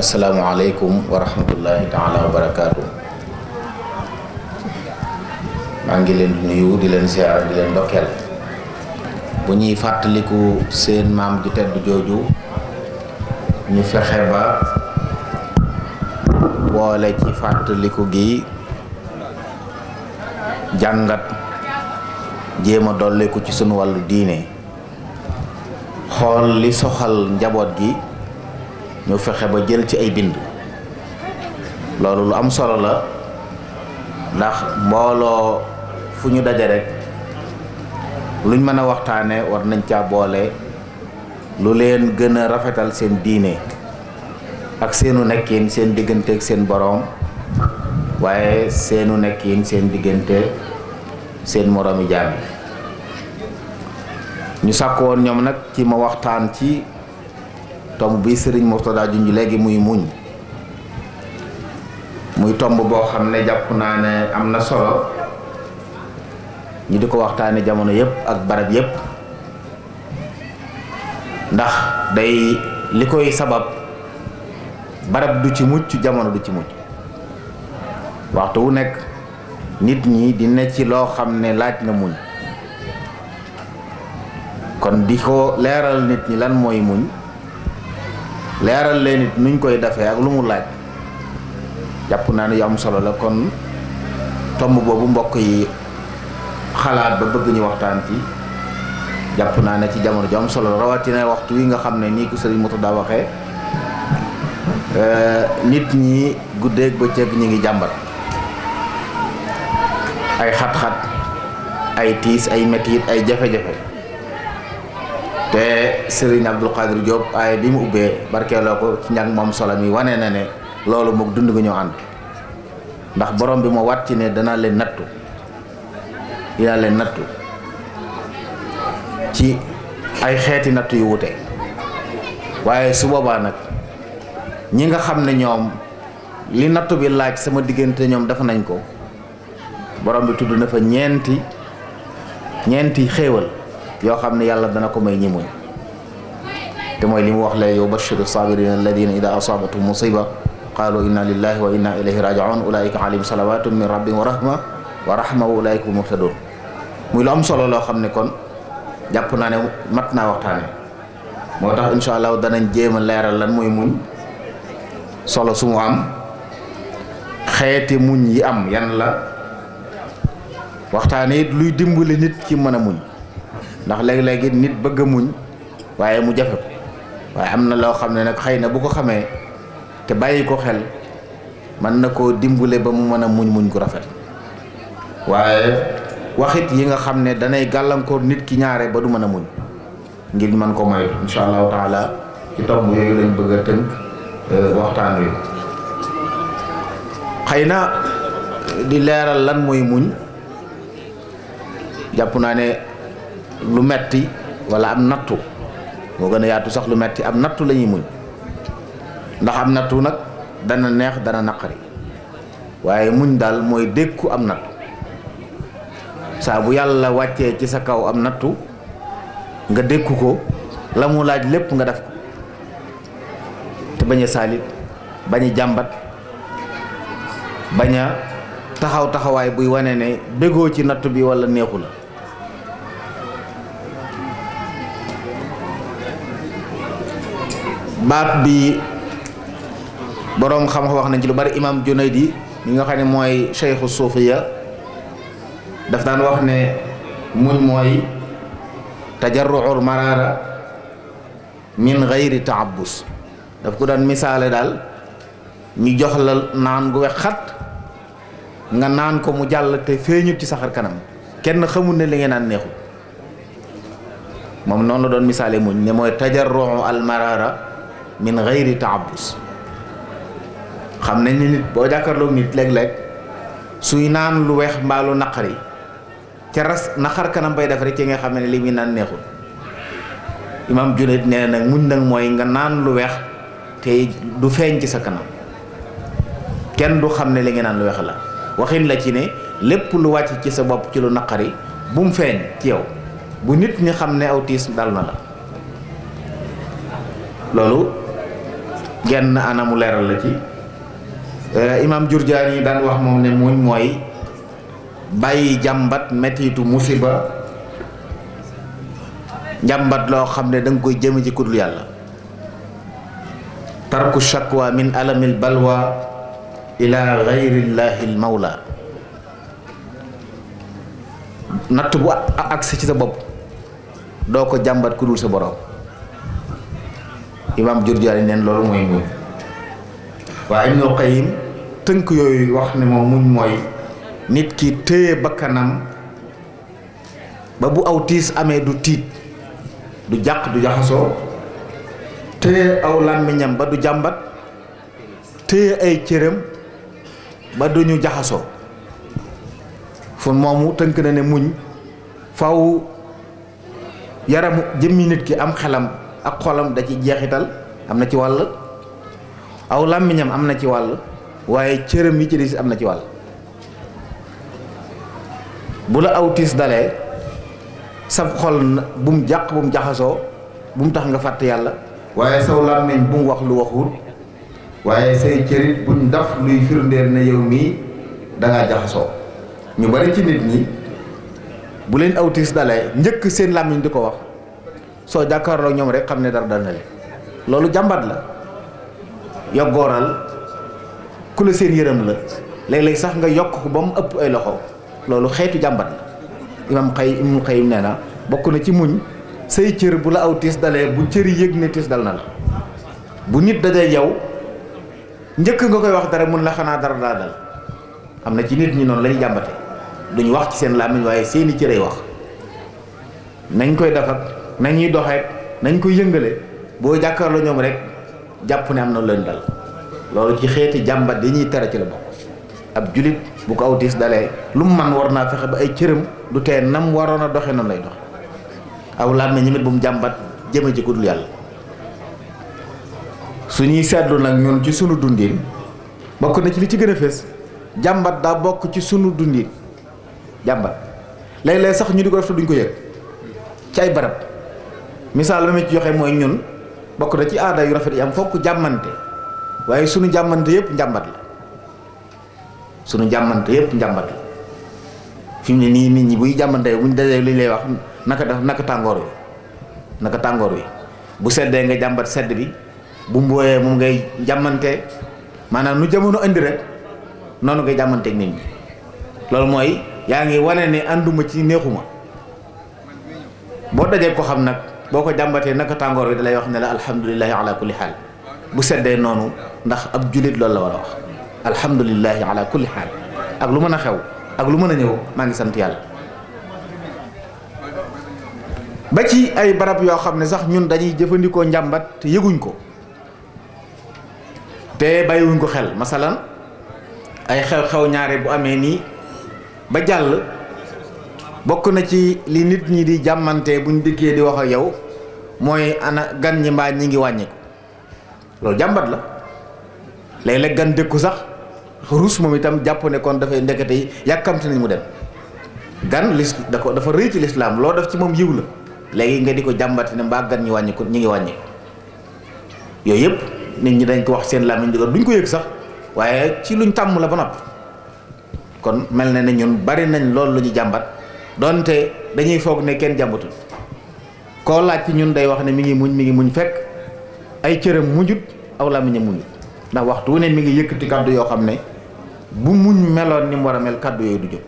asalaamualeykum wa rahmatullahi taala wa barakaatu maa ngi leen di nuyu di leen ziar di leen ndokkeel bu ñuy fàttaliku seen maam ju tedd jooju ñu fexe ba boole ci fàttaliku gi jàngat jéem a dolliku ci sunu wàllu diine xool li soxal njaboot gi ñu fexe ba jël ci ay bind loolu lu am solo la ndax mbooloo fu ñu daje rek luñ mën a waxtaanee war nañ caa boole lu leen gën a rafetal seen diine ak seenu nekkin seen digganteeg seen boroom waaye seenu nekkin seen digganteeg seen moroomi jaam ñu sàkk woon ñoom nag ci ma waxtaan ci tomb bi sëriñ Mourtada junj léegi muy muñ muy tomb boo xam ne jàpp naa ne am na solo ñu di ko waxtaane jamono yëpp ak barab yépp ndax day li koy sabab barab du ci mucc jamono du ci mucc waxtu wu nekk nit ñi di ne ci loo xam ne laaj na muñ kon di ko leeral nit ñi lan mooy muñ leeral leen it nuñ koy defee ak lu mu laaj jàpp naa ne yu am solo la kon tomb boobu mbokk yi xalaat ba bëgg ñu waxtaan ci jàpp naa ne ci jamono ju am solo rawatina waxtu wi nga xam ne nii ko sëriñ moto daa waxee euh, nit ñi guddeeg bëccëg ngi jàmbat ay xat-xat ay tiis ay metit ay jafe-jafe Serigne Abdoul Khadir Diop aaye bi mu ubbee barkeeloo ko ci njàng moom solo mi wane na ne loolu moog dund nga ñoo ànd ndax borom bi moo wàcc ne danaa leen nattu dinaa leen nattu ci ay xeeti nattu yu wute waaye su boobaa nag ñi nga xam ne ñoom li nattu bi laaj sama diggante ñoom dafa nañ ko borom bi tudd na fa ñeenti ñeenti xéewal yoo xam ne yàlla dana ko may ñi muñ te mooy li mu wax la yow bashiru saabirina alladina ida asabatuhum musiba qaalu inna lillahi wa inna ilayhi rajiun ulaika alayhim salawatun min rabbihim wa rahma wa rahma wa ulaika hum muhtadun muy lu am solo loo xam ne kon jàpp naa ne mat na waxtaane moo tax incha allah danañ jéem a leeral lan mooy muñ solo sumu am xeeti muñ yi am yan la waxtaane it luy dimbali nit ci mën muñ ndax léeg-léeg nit bëgg a muñ waaye mu jafe waaye am na loo xam ne nag xëy na bu ko xamee te bàyyi ko xel mën na ko dimbale ba mu mën a muñ muñ gu rafet waaye waxit yi nga xam ne danay gàllankoor nit ki ñaare ba du mën a muñ ngir mën ko moytu insha allahu taala ci tomb yooyu lañ bëgg a tënk euh, waxtaan wi xëy na di leeral lan mooy muñ jàpp naa ne lu metti walla am nattu moo gën a yaatu sax lu metti am nattu la ñuy muñ ndax am nattu nag dana neex dana naqari waaye muñ daal mooy dékku am nattu saa bu yàlla wàccee ci sa kaw am nattu nga dékku ko la mu laaj lépp nga def ko te bañ a saalit bañ a jàmbat bañ a taxaw taxawaay buy wane ne bégoo ci nattu bi wala neexu la baat bi boroom xam-xam wax nañ ci lu bari imam Junayd mi nga xam ne mooy cheikhu suufiya daf daan wax ne muñ mooy tajarruur maraara miin gayri taabus daf ko daan misaale daal ñu jox la naan gu wex xat nga naan ko mu jàll te feeñut ci saxar kanam kenn xamul ne li nga naan neexu moom noonu la doon misaale muñ ne mooy tajarruur almaraara min gayri taabus xam nañ ne nit boo jàkkaarloog nit léeg-léeg suy naan lu weex mbaa lu naqari ca ras naqar kanam bay def rek ci nga xam ne li muy naan neexul imam Junayd nee nag muñ nag mooy nga naan lu weex te feeñ ci sa kanam kenn du xam ne li nga naan lu weex la waxin la ci ne lépp lu wàcc ci sa bopp ci lu naqari bu mu feeñ ci yow bu nit ñi xam ne aw tiis dal na la loolu genn anamu leeral la ci eh, imaam Jurjaan yi daan wax moom ne muñ mooy bàyyi jàmbat metitu musiba njàmbat loo xam ne danga koy jëme ci kudul yàlla tarku shakwa min alamil balwa ila gayrillahi l mawla natt bu agsi ci sa bopp doo ko jàmbat kudul sa borom imaam Jurjaani neen loolu mooy muñ waaye Ibnul Qayyim tënk yooyu wax ne moom muñ mooy nit ki téye bakkanam ba bu aw tiis amee du tiit du jàq du jaxasoo téye aw làmmiñam ba du jàmbat téye ay cëram ba du ñu jaxasoo fu moomu tënk na ne muñ faw yaramu jëmmi nit ki am xelam ak xolam da ci jeexital am na ci wàll aw làmmiñam am na ci wàll waaye cëram yi ci des am na ci wàll bu la aw tiis dalee sab xol na bu mu jàq bu mu jaxasoo bu mu tax nga fàtt yàlla waaye saw làmmiñ bu mu wax lu waxul waaye say cërit buñ daf luy firndeel ne yow mii dangaa jaxasoo ñu bari ci nit ñi bu leen aw tiis dalee njëkk seen làmmiñ di ko wax soo jàkkaarloo ñoom rek xam ne dara dal na leen loolu jàmbat la yoggooral ku la seen yërëm la léeg-léeg sax nga yokk ko ba mu ëpp ay loxo loolu xeetu jàmbat la imam xay imam nee na bokk na ci muñ say cër bu la aw tiis dalee bu cëri yëg ne tiis dal na la bu nit dajee yow njëkk nga koy wax dara mun na xanaa dara daa dal am na ci nit ñi noonu la ñu jàmbate duñu wax ci seen làmmiñ waaye seeni cëray wax nañ koy def nañuy doxeek nañ koy yëngale boo jàkkaarloo ñoom rek jàpp ne am na leen dal loolu ci xeeti jàmbat yi ñuy tere ci la bokk ab julit bu ko awtis dalee lu mu man war naa fexe ba ay cëram du tee nam waroon a doxe noonu lay dox aw laat na ñimit bu mu jàmbat jëme ci ku dul yàlla su ñuy seetlu nag ñun ci sunu dundin bokk na ci li ci gën a fees jàmbat daa bokk ci sunu dundin jàmbat léeg-léeg sax ñu di ko def te duñ ko yëg ci ay barab misaal ba ma ci joxe mooy ñun bokk na ci aada yu rafet yi am fokk jàmmante waaye sunu jàmmante yëpp njàmbat la sunu jàmmante yëpp njàmbat la fi ne nii nit ñi buy jàmmante buñ dajee lii lay wax naka def naka tàngoor wi naka tàngoor wi bu seddee nga jàmbat sedd bi bu mbooyee moom ngay jàmmante maanaam nu jamono indi rek noonu ngay jàmmanteeg nit ñi loolu mooy yaa ngi wane ne ànduma ci neexuma boo dajee ko xam nag boo ko jàmbatee naka tàngoor bi dalay wax ne la alhamdulilahi ala kulli xaal bu seddee noonu ndax ab julit lool la war a wax alhamdulilahi ala kulli xaal ak lu mën a xew ak lu mën a ñëw maa ngi sant yàlla ba ci ay barab yoo xam ne sax ñun dañuy jëfandikoo njàmbat te yëguñ ko te bàyyiwuñ ko xel masalan ay xew-xew ñaare bu amee nii ba jàll bokk na ci li nit ñi di jàmmante buñ dikkee di wax ak yow mooy ana gan ñi mbaa ñi ngi wàññiku loolu jàmbat la léeg-léeg gan dëkku sax ruus moom itam jàpp ne kon dafay ndekete yi yàkkamte nañ mu dem gan lis da ko dafa rëy ci lislaam loo def ci moom yiw la léegi nga di ko jàmbate ne mbaa gan ñi wàññiku ñi ngi wàññiku yooyu yëpp nit ñi dañ ko wax seen làmmiñ duñ ko yëg sax waaye ci luñ tàmm la ba noppi kon mel na ne ñun bari nañ loolu lu ñu jàmbat donte dañuy foog ne kenn jàmbatul koo laaj ci ñun day wax ne mi ngi muñ mi ngi muñ fekk ay cëram muñut aw làmmiñam muñut ndax waxtu ne mi ngi yëkkati kàddu yoo xam ne bu muñ meloon ni mu war a mel kàddu yooyu du jóg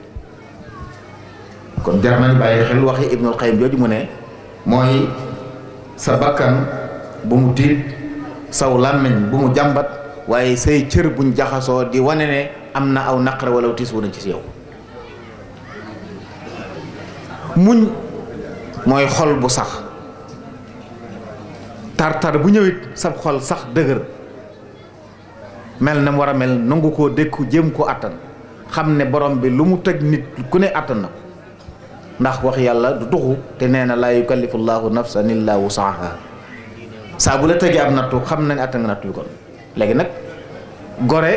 kon jar nañ bàyyi xel waxi Ibnul Qayyim jooju mu ne mooy sa bakkan bu mu tiit saw làmmiñ bu mu jàmbat waaye say cër buñ jaxasoo di wane ne am na aw naqare wala tiis wu na ci yow muñ mooy xol bu sax tartar bu ñëwit sab xol sax dëgër mel na mu war a mel nangu koo dékku jëm ko attan xam ne borom bi lu mu teg nit ku ne attan na ndax wax yàlla du tuxu te nee na laa yukallifu llaahu nafsan illaa wusaaha saa bu la tegee am nattu xam nañ attan nga nattu bi kon léegi nag gore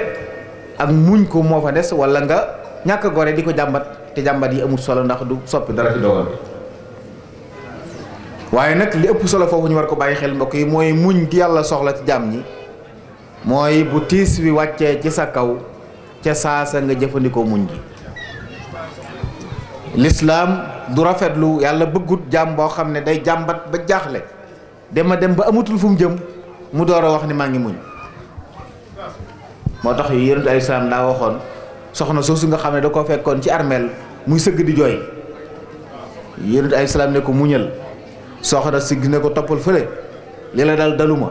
ak muñ ko moo fa des walla nga ñàkk gore di ko jàmbat te jàmbat yi amul solo ndax du soppi dara ci dogal waaye nag li ëpp solo foofu ñu war ko bàyyi xel mbokk yi mooy muñ gi yàlla soxla ci jàmm ñi mooy bu tiis wi wàccee ci sa kaw ca saasa nga jëfandikoo muñ gi lislaam du rafetlu yàlla bëggut jàmm boo xam ne day jàmbat ba jaaxle dema dem ba amatul fu mu jëm mu door a wax ni maa ngi muñ moo tax yu yonent alayhi salaam daa waxoon soxna soo soosu nga xam ne da koo fekkoon ci armeel muy sëgg di jooy yonent ay salaam ne ko muñal soxna si ne ko toppal fële li la daal daluma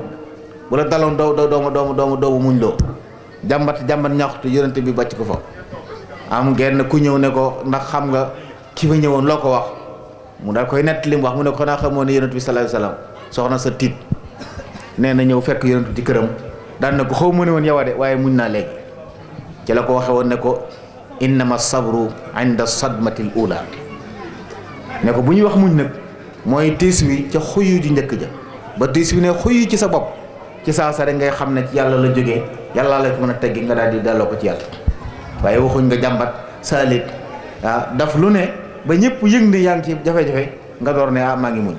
wala daloon doo doo dooma dooma dooma doomu muñ loo jàmbat jàmbat ñaxtu yonent bi bàcc ko fa am genn ku ñëw ne ko ndax xam nga kii fa ñëwoon loo ko wax mu daal koy nett li mu wax mu ne ko xanaa xamoo ne yonent bi sallallahu alayhi wasallam soxna sa tiit nee na ñëw fekk yonent di këram daan na ko xaw ma ne woon yow de waaye muñ naa léegi ci la ko waxe woon ne ko innama sabru inda sadmatil ula ne ko bu ñuy wax muñ nag mooy tiis wi ca xuyyu di njëkk ja ba tiis bi ne xuyu ci sa bopp ci saa sa rek ngay xam ne ci yàlla la jóge yàlla la ko mën a teggi nga daal di delloo ko ci yàlla waaye waxuñ nga jàmbat saalit ah daf lu ne ba ñëpp yëg ne yaa ngi ci jafe-jafe nga door ne ah maa ngi muñ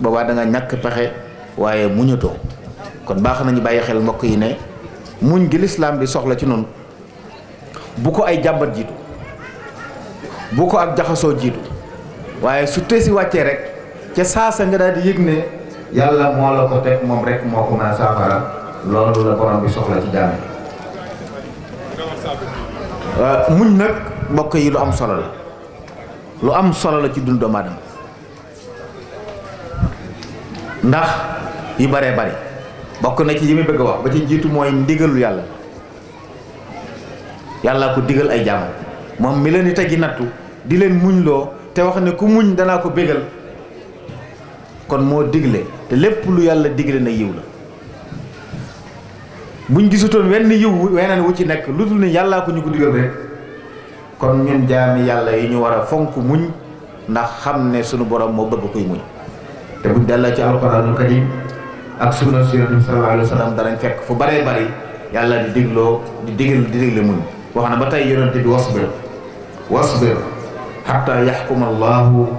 boobaa danga ñàkk pexe waaye muñatoo kon baax nañu bàyyi xel mbokk yi ne muñ gi lislaam bi soxla ci noonu bu ko ay jàmbat jiitu bu ko ak jaxasoo jiitu waaye su teesi wàccee rek ca saasa nga daal di yëg ne yàlla moo la ko teg moom rek moo ko mën a saafara loolu la borom bi soxla ci jaam yi euh, mbokk yi lu am solo la lu am solo la ci dund doomu aadama ndax yu baree bari bokk na ci yi mu bëgg a wax ba ci jiitu mooy ndigalu yàlla yàllaa ko digal ay jàmm moom mi leen di tegi nattu di leen muñloo te wax ne ku muñ danaa ko bégal kon moo digle te lépp lu yàlla digle na yiw la buñ gisutoon wenn yiw weneen wu ci nekk lu dul ne yàllaa ko ñu ko digal rek kon ñun jaami yàlla yi ñu war a fonk muñ ndax xam ne sunu borom moo bëgg kuy muñ te buñ delloo ci alxuraanul karim ak sunna si yonent bi danañ fekk fu baree bari yàlla di digloo di digal di digle muñ wax na ba tey yonent bi wasbir wasbir xatta yaxkuma allahu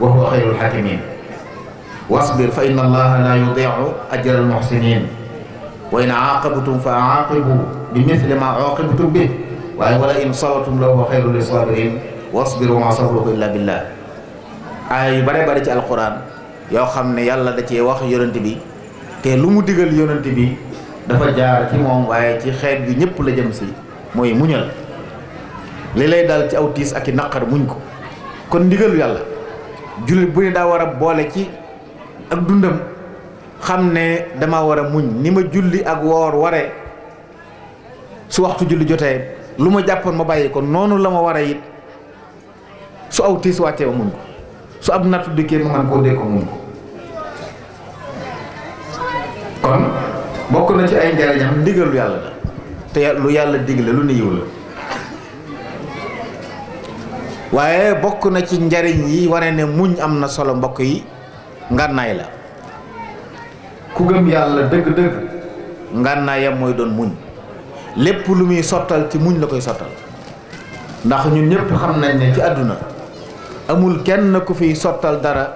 wa huwa xayrul xakimin wasbir fa inna allaha la yudiu ajra almuxsinin wa in aaqabtum fa aaqibu bi mithli ma aaqibtum bi waaye wala in sabartum la huwa xayrul lisabirin wasbir wa ma sabruka illa billah aaya bare bare ci alquran yoo xam ne yàlla da cee wax yonent bi te lu mu digal yonent bi dafa jaar ci moom waaye ci xeet yu ñëpp la jëm si mooy muñal li lay daal ci aw tiis ak i naqar muñ ko kon ndigalu yàlla jullit bu ne daa war a boole ci ak dundam xam ne dama war a muñ ni ma julli ak woor waree su waxtu julli jotee lu ma jàppoon ma bàyyi ko noonu la ma waree it su aw tiis wàccee ma muñ ko su ab nattu dikkee ma man koo dee ko muñ ko kon bokk na ci ay njariñam ndigalu yàlla la te lu yàlla digle lu ne yiw la waaye bokk na ci njariñ yi wane ne muñ am na solo mbokk yi ngànnaay la ku gëm yàlla dëgg-dëgg ngànnaayam mooy doon muñ lépp lu muy sottal ci muñ la koy sottal ndax ñun ñëpp xam nañ ne ci àdduna amul kenn ku fiy sottal dara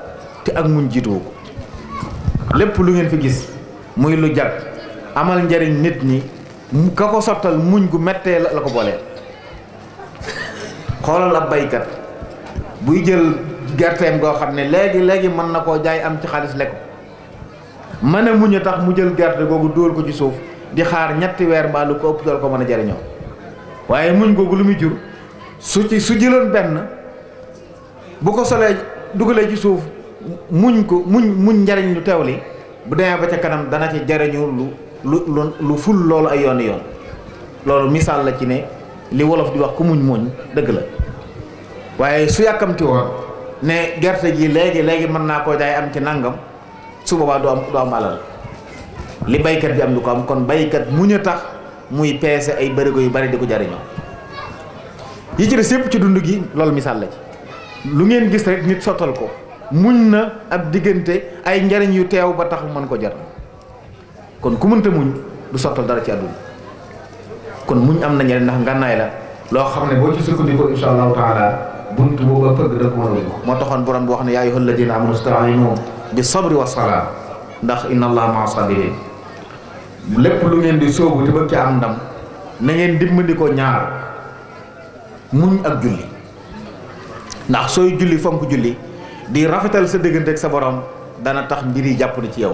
te ak muñ jiituwu ko lépp lu ngeen fi gis muy lu jag amal njariñ nit ñi ka ko sottal muñ gu mettee la ko boole xoolal ab baykat buy jël gerteem goo xam ne léegi léegi mën na koo jaay am ci xaalis lekk mën a muñ a tax mu jël gerte googu dóor ko ci suuf di xaar ñetti weer mbaa lu ko ëpp dool ko mën a jariñoo waaye muñ googu lu muy jur su ci su jëloon benn bu ko solee dugalee ci suuf muñ ko muñ muñ njariñ lu teew li bu demee ba ca kanam dana ci jariñu lu lu lu ful loolu ay yoon yoon loolu misaal la ci ne li wolof di wax ku muñ muñ dëgg la waaye su yàkkamti woon ne gerte gi léegi léegi mën naa koo jaay am ci nangam su boobaa du am alal li baykat bi am du ko am kon baykat muñ a tax muy peese ay bërigo yu bari di ko jariñoo yi ci des yëpp ci dund gi loolu misaal la ci lu ngeen gis rek nit sottal ko muñ na ab diggante ay njariñ yu teew ba tax mën ko jar kon ku mënta muñ du sottal dara ci àdduna kon muñ am na ñeneen ndax ngànnaay la loo xam ne boo ci sukkandikoo insha allahu taala bunt booba pëgg da moo taxoon borom bi wax ne yaa ayyuhal ladina amanu sta'iinu bi sabri wa salaa ndax inna allaha maa sabirin lépp lu ngeen di sóobu te bëgg ca am ndam na ngeen dimbandikoo ñaar muñ ak julli ndax sooy julli fonk julli di rafetal sa diggante ak sa borom dana tax mbir yi jàpp ci yow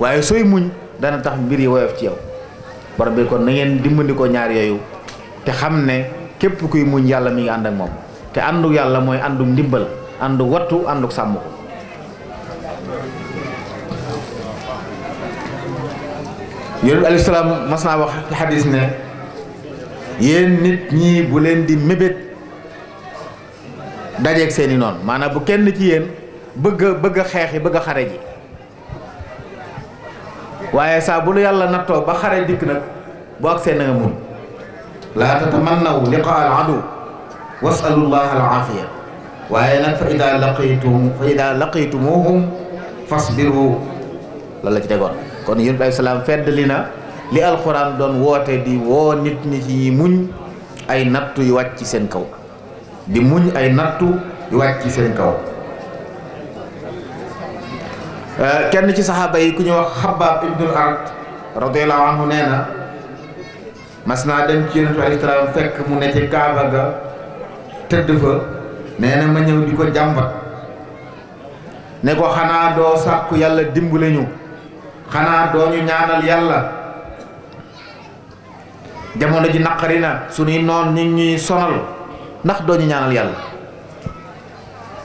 waaye dana tax mbir yi woyof ci yow borom bi kon na ngeen dimbandikoo ñaar yooyu te xam ne képp kuy muñ yàlla mi ngi ànd ak moom te ànduk yàlla mooy ànduk ndimbal ànduk wattu ànduk sàmm ko yonent alayhi salaam mas naa wax ci xadis ne yéen nit ñi bu leen di mébét dajeek seeni noon maanaam bu kenn ci yéen bëgg bëgg a yi bëgg a xare ji waaye saa lu yàlla nattoo ba xare dikk nag boo agsee na nga muñ laa tatamannaw liqaa al adu wasalullah al aafiya waaye nag fa ida laqitum fa ida laqitumuhum fasbiru loolu la ci tegoon kon yonent bi alayhi salaam feddali na li alxuraan doon woote di woo nit ñi yi muñ ay nattu yu wàcc seen kaw di muñ ay nattu yu wàcc seen kaw Euh, kenn ci saxaaba yi ku ñu wax xabaab ibnul arat radiallahu anhu nee na mas naa dem ci yonentu fekk mu ne ci kaaba ga tëdd fa nee na ma ñëw di ko jàmbat ne ko xanaa doo sàkku yàlla dimbale ñu xanaa doo ñu ñaanal yàlla jamono ji naqari na suñuy noon ñu ñuy sonal ndax doo ñu ñaanal yàlla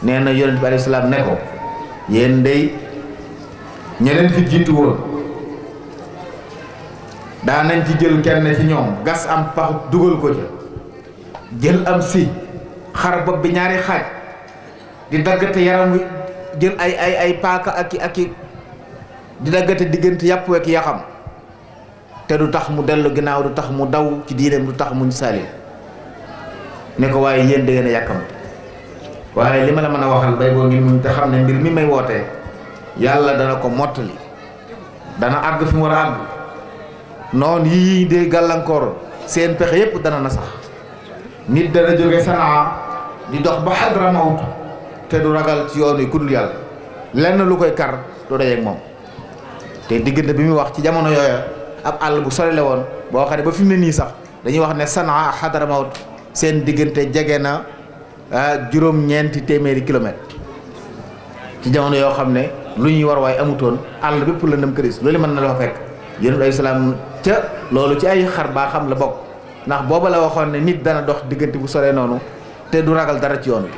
nee na yonent bi alayhi salaam ne ko yéen day ñeneen fi jiitu woon daa nañ ci jël kenn ci ñoom gas am pax dugal ko ca jël am si xar bopp bi ñaari xaaj di daggate yaram wi jël ay ay ay paaka ak i ak di daggate diggante yàpp wekk yaxam te du tax mu dellu ginnaaw du tax mu daw ci diineem du tax muñ salim ne ko waaye yéen da ngeen a waaye li ma la mën a waxal bay boo ngi muñ te xam ne mbir mi may wootee yàlla dana ko mottali dana àgg fi mu war a àgg noonu yii day gàllankoor seen pexe yépp dana na sax nit dana jóge sanaa di dox ba xadra mawt te du ragal ci yoon yi ku dul yàlla lenn lu koy kar du dajeeg moom te diggante bi muy wax ci jamono yooyu ab àll bu sori la woon boo xam ne ba fi mu ne nii sax dañuy wax ne sanaa ak xadra mawt seen diggante jege na ah, juróom-ñeenti téeméeri kilomètre ci jamono yoo xam ne lu ñuy war waaye amutoon àll bépp la ndam këris loolu mën na la fa fekk yonent bi salaam ca loolu ci ay xar baa xam la bokk ndax booba la waxoon ne nit dana dox diggante bu soree noonu te du ragal dara ci yoon bi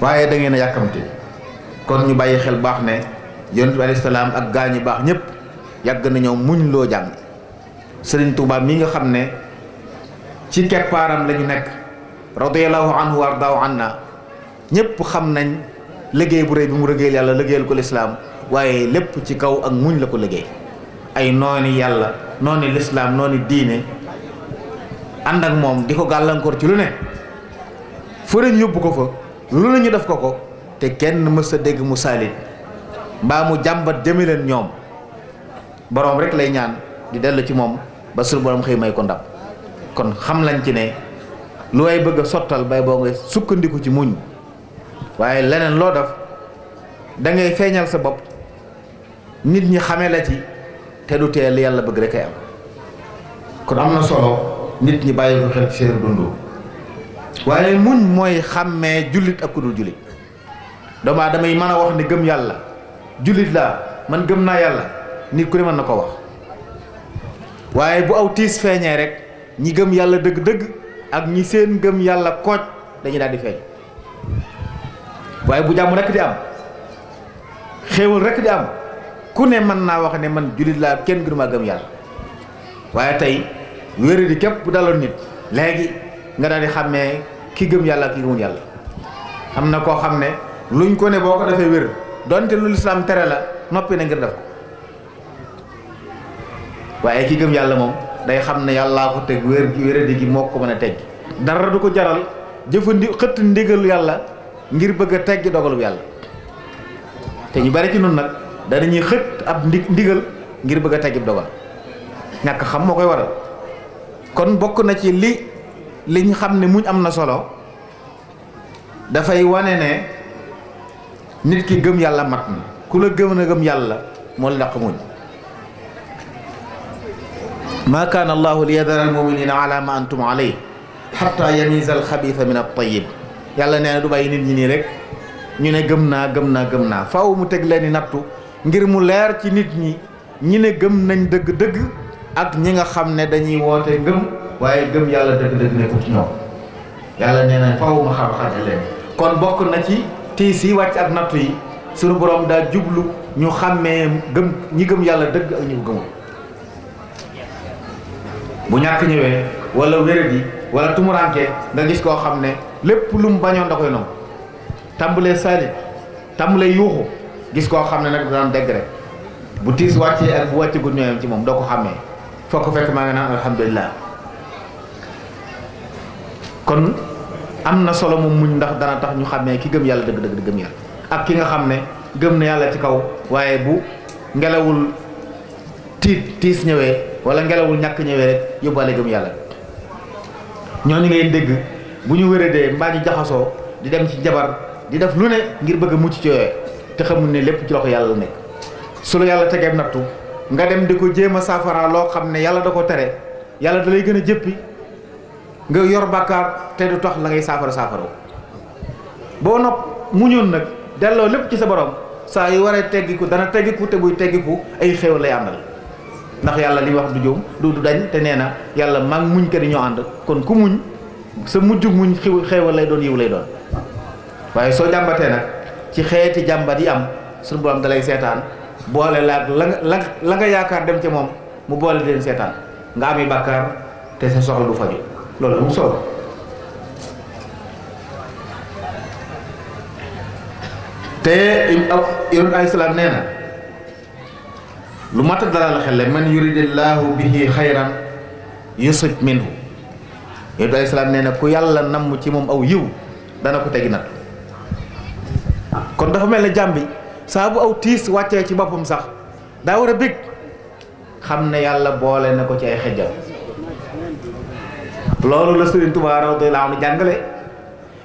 waaye da ngeen a yàkkamte kon ñu bàyyi xel baax ne yonent bi salaam ak gaa ñu baax ñëpp yàgg nañoo muñ loo jàng Sëriñ Tuubaa mi nga xam ne ci keppaaram lañu nekk radiyallahu anhu wa ardaahu anna ñëpp xam nañ liggéey bu rëy bi mu liggéeyal yàlla liggéeyal ko lislaam waaye lépp ci kaw ak muñ la ko liggéey ay nooni yàlla nooni lislaam nooni diine ànd ak moom di ko gàllankoor ci lu ne fu leen yóbbu ko fa lu ne ñu def ko ko te kenn mës a dégg mu saalit mbaa mu jàmbat jëme leen ñoom boroom rek lay ñaan di dellu ci moom ba sul xëy may ko ndam kon xam lañ ci ne lu way bëgg a sottal bay boo nga sukkandiku ci muñ waaye leneen loo def dangay feeñal sa bopp nit ñi xamee la ci te du teel yàlla bëgg rek ay am kon am na solo nit ñi bàyyi ko xel ci seen dund waaye muñ mooy xàmmee jullit ak ku dul jullit doomu aadama yi mën a wax ne gëm yàlla jullit laa man gëm naa yàlla nit ku ne mën na ko wax waaye bu aw tiis feeñee rek ñi gëm yàlla dëgg-dëgg ak ñi seen gëm yàlla kooj dañu daal di feeñ waaye bu jàmm rekk di am xéewal rekk di am ku ne mën naa wax ne man jullit laa kenn gënu maa gëm yàlla waaye tey wéeru di képp bu daloon nit léegi nga daal di xàmmee ki gëm yàlla ak ki gëmul yàlla am na koo xam ne luñ ko ne boo ko defee wér donte lu lislaam tere la noppi na ngir def ko waaye ki gëm yàlla moom day xam ne yàllaa ko teg wéer gi wéradi gi moo ko mën a teggi dara du ko jaral jëfandi xëtt ndigal yàlla ngir bëgg a teggi dogalu yàlla te ñu bari ci noonu nag danañuy xët ab ndig ndigal ngir bëgg a teggi dogal ñàkk xam moo koy waral kon bokk na ci li liñ xam ne muñ am na solo dafay wane ne nit ki gëm yàlla mat na ku la gëm na gëm yàlla moo la daq muñ ma kaana allahu liyadara almuminina ala ma antum alayh xata yàlla nee na du bàyyi nit ñi nii rek ñu ne gëm naa gëm naa gëm naa faaw mu teg leen i nattu ngir mu leer ci nit ñi ñi ne gëm nañ dëgg-dëgg ak ñi nga xam ne dañuy woote ngëm waaye gëm yàlla dëgg-dëgg nekkul ci ñoom yàlla nee na faaw mu xar-xar leen kon bokk na ci tiis yi wàcc ak nattu yi suñu borom daal jublu ñu xàmmee gëm ñi gëm yàlla dëgg ak ñi ko gëmul bu ñàkk ñëwee wala wéradi wala tumuraanke nga gis koo xam ne lépp lu mu bañoon da koy nangu tàmbalee saali tàmbalee yuuxu gis koo xam ne nag daan dégg rek bu tiis wàccee ak bu wàcce gu ñooyam ci moom doo ko xàmmee foo ko fekk maa ngi naan alhamdulilah kon am na solo mu muñ ndax dana tax ñu xàmmee ki gëm yàlla dëgg dëgg di gëm yàlla ak ki nga xam ne gëm na yàlla ci kaw waaye bu ngelawul tiit tiis ñëwee wala ngelawul ñàkk ñëwee rek yóbbaale gëm yàlla ñooñu ngay dégg bu ñu wéradee mbaa ñu jaxasoo di dem ci jabar di def lu ne ngir bëgg mucc ci yooyu te xamul ne lépp ci loxo yàlla la nekk su la yàlla tegeeb nattu nga dem di ko jéem a saafara loo xam ne yàlla da ko tere yàlla da lay gën a jëppi nga yor bàkkaar te du tax la ngay saafara saafara boo nopp muñoon nag delloo lépp ci sa borom saa yu waree teggiku dana teggiku te buy teggiku ay xéew lay àndal ndax yàlla li wax du jóom du du dañ te nee na yàlla mag muñ ko sa mujjug muñ xiw xeewal lay doon yiw lay doon waaye soo jàmbatee nag ci xeeti jàmbat yi am suñu borom dalay seetaan boole la la la nga yaakaar dem ci moom mu boole leen seetaan nga ami bàkkaar te sa soxla du faju loolu mu solo te yonent nee na lu mat a dalal xel man yuridillaahu bihi xayran yusib minhu Ibrahima alayhi salaam nee na ku yàlla namm ci moom aw yiw dana ko tegi nag kon dafa mel ne jàmbi bi aw tiis wàcce ci boppam sax daa war a bég xam ne yàlla boole na ko ci ay xejjal loolu la Sëriñ la radiyallaahu anhu jàngale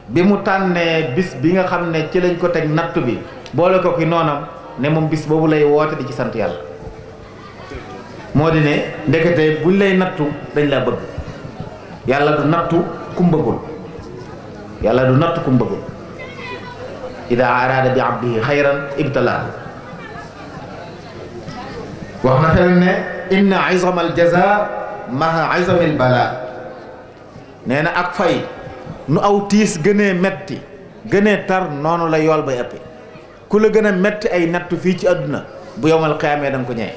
bi mu tànnee bis bi nga xam ne ci lañ ko teg natt bi boole ko ki noonam ne moom bis boobu lay woote di ci sant yàlla moo di ne ndekete buñ lay nattu dañ laa bëgg yàlla du nattu kum bëggul yàlla du nattu kum bëggul ida araada bi abdihi xayran ibtalaahu wax na feneen ne inna izama aljaza maha izami albala nee na ak fay nu aw tiis gënee metti gënee tar noonu la yool ba ëppe ku la gën a metti ay nattu fii ci àdduna bu yowmal xiyaamee da nga ko ñëwee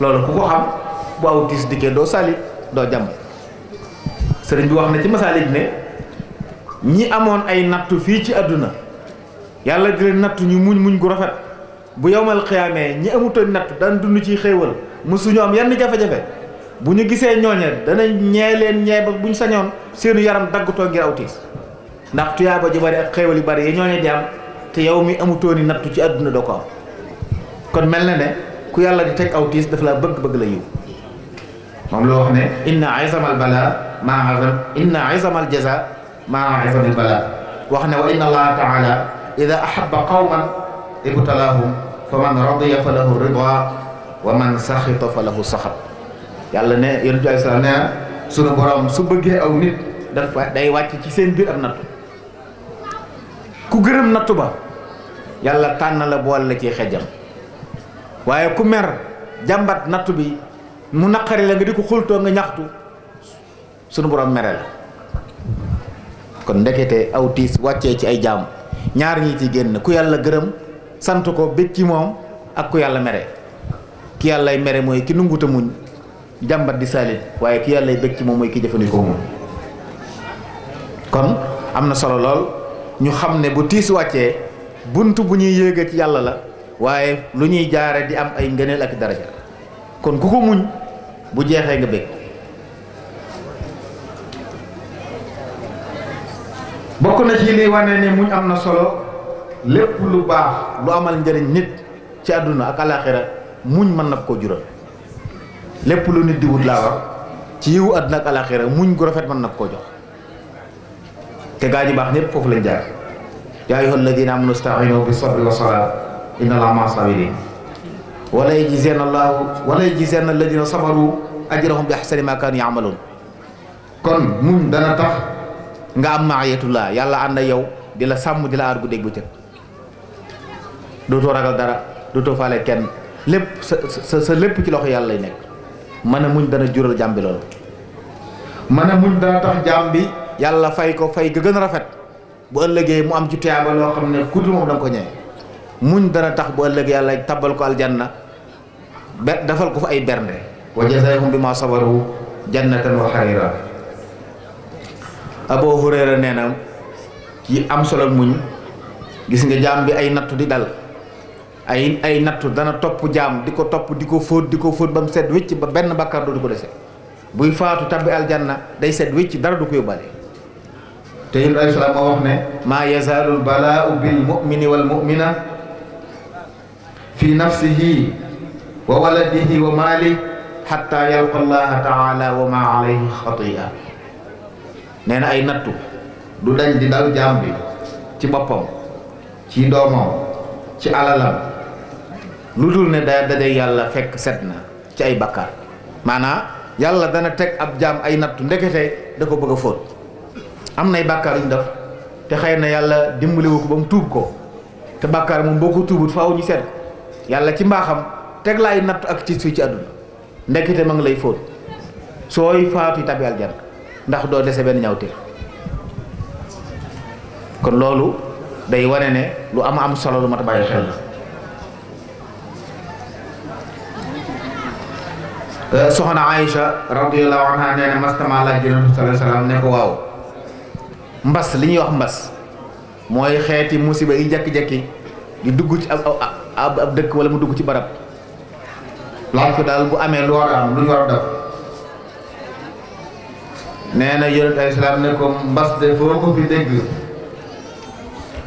loolu ku ko xam bu aw dikkee doo sali doo jàmm sëriñ bi wax na ci masaalik ne ñi amoon ay nattu fii ci àdduna yàlla di leen nattu ñu muñ muñ gu rafet bu yowmal xiyaamee ñi amutoon nattu daan dund ci xéewal mësuñu am yenn jafe-jafe bu ñu gisee ñooñe danañ ñee leen ñee ba buñ sañoon seenu yaram daggutoo ngir aw tiis ndax tuyaaba ji bari ak xéewal yu bari yi ñooñe di am te yow mi amutooni nattu ci àdduna doo ko am kon mel na ne ku yàlla di teg aw tiis dafa laa bëgg-bëgg la yiw moom loo wax ne inna maa azam inna izamal jaza maa azamil bala wax ne wa inna allaha taala ida ahaba qawman ibtalaahum fa man radiya fa lahu rida wa man saxita fa lahu saxat yàlla ne yonent bi aleyhi salaam nee na sunu borom su bëggee aw nit dafa day wàcc ci seen biir ab nattu ku gërëm nattu ba yàlla tànn la bool la ci xejam waaye ku mer jàmbat nattu bi mu naqari la nga di ko xultoo nga ñaxtu sunu borom mere la kon ndekete aw tiis wàccee ci ay jaam ñaar ñi ci génn ku yàlla gërëm sant ko bég ci moom ak ku yàlla mere ki yàllay mere mooy ki nunguta muñ jàmbat di saalit waaye ki yàllay bég ci moom mooy ki jëfandikoo moom kon am na solo lool ñu xam ne bu tiis wàccee bunt bu ñuy yéega ci yàlla la waaye lu ñuy jaare di am ay ngëneel ak daraja kon ku ko muñ bu jeexee nga bég bokk na ci liy wane ni muñ am na solo lépp lu baax lu amal njariñ nit ci àdduna ak alaxira muñ mën na ko jural lépp lu nit di wut laa wax ci yiwu àdduna ak alaxira muñ gu rafet mën na koo jox te gaa ñu baax ñëpp foofu la jaar yaa ayyuha alladina amanu stainu bi sabri wa salaat inna allaha maa sabirin wala yajziyanna allahu wala yajziyanna alladina sabaru ajrahum bi ahsani kon muñ dana tax nga am maayatullah yàlla ànd ak yow di la sàmm di la aar guddeeg bëccëg dootoo ragal dara dootoo faale kenn lépp sa sa lépp ci loxo yàlla lay nekk mën a muñ dana jural jàmbi loolu mën a muñ dana tax jàmbi yàlla fay ko fay ga gën rafet bu ëllëgee mu am ci tuyaaba loo xam ne ku dul moom danga ko ñëwee muñ dana tax bu ëllëgee yàlla tabal ko aljanna be defal ko fa ay bernde wa jazaahum bi ma sabaru jannatan wa xarira Abu Hurayra nee na ci am solo muñ gis nga jaam bi ay nattu di dal ay ay nattu dana topp jaam di ko topp di ko fóot di ko fóot ba mu set wécc ba benn bàkkaar du ko dese buy faatu tabbi aljana day sedd wécc dara du ko yóbbaale te yéen alayhi salaam moo wax ne maa yazaalul balaau mumini wal mumina fi nafsihi wa waladihi wa maali xatta yalqa allaha taala wa maa alayhi xatiya nee na ay nattu lu dañ di dal jaam bi ci boppam ci doomam ci alalam lu dul ne da daje yàlla fekk set na ci ay bakkaar maanaam yàlla dana teg ab jaam ay nattu ndekete da ko bëgg a fóot am nay bàkkaar yuñ def te xëy na yàlla dimbaliwu ko ba mu tuub ko te bàkkaar moom boo ko tuubut faaw ñu seet ko yàlla ci mbaaxam teg laay nattu ak ci fii ci àdduna ndekete ma ngi lay fóot sooy faatu tabi aljanna ndax doo dese benn ñawte kon loolu day wane ne lu am am solo lu mat a bàyyi xel la euh, soxna Aïcha radiyallahu anha nee na mastama laaj yonent bi ne ko waaw mbas li ñuy wax mbas mooy xeeti musiba yi jekki-jekki di dugg ci ab ab dëkk wala mu dugg ci barab laaj ko daal bu amee lu war a am lu ñu war a def nee na yonent ay salaam ne ko mbas de foo ko fi dégg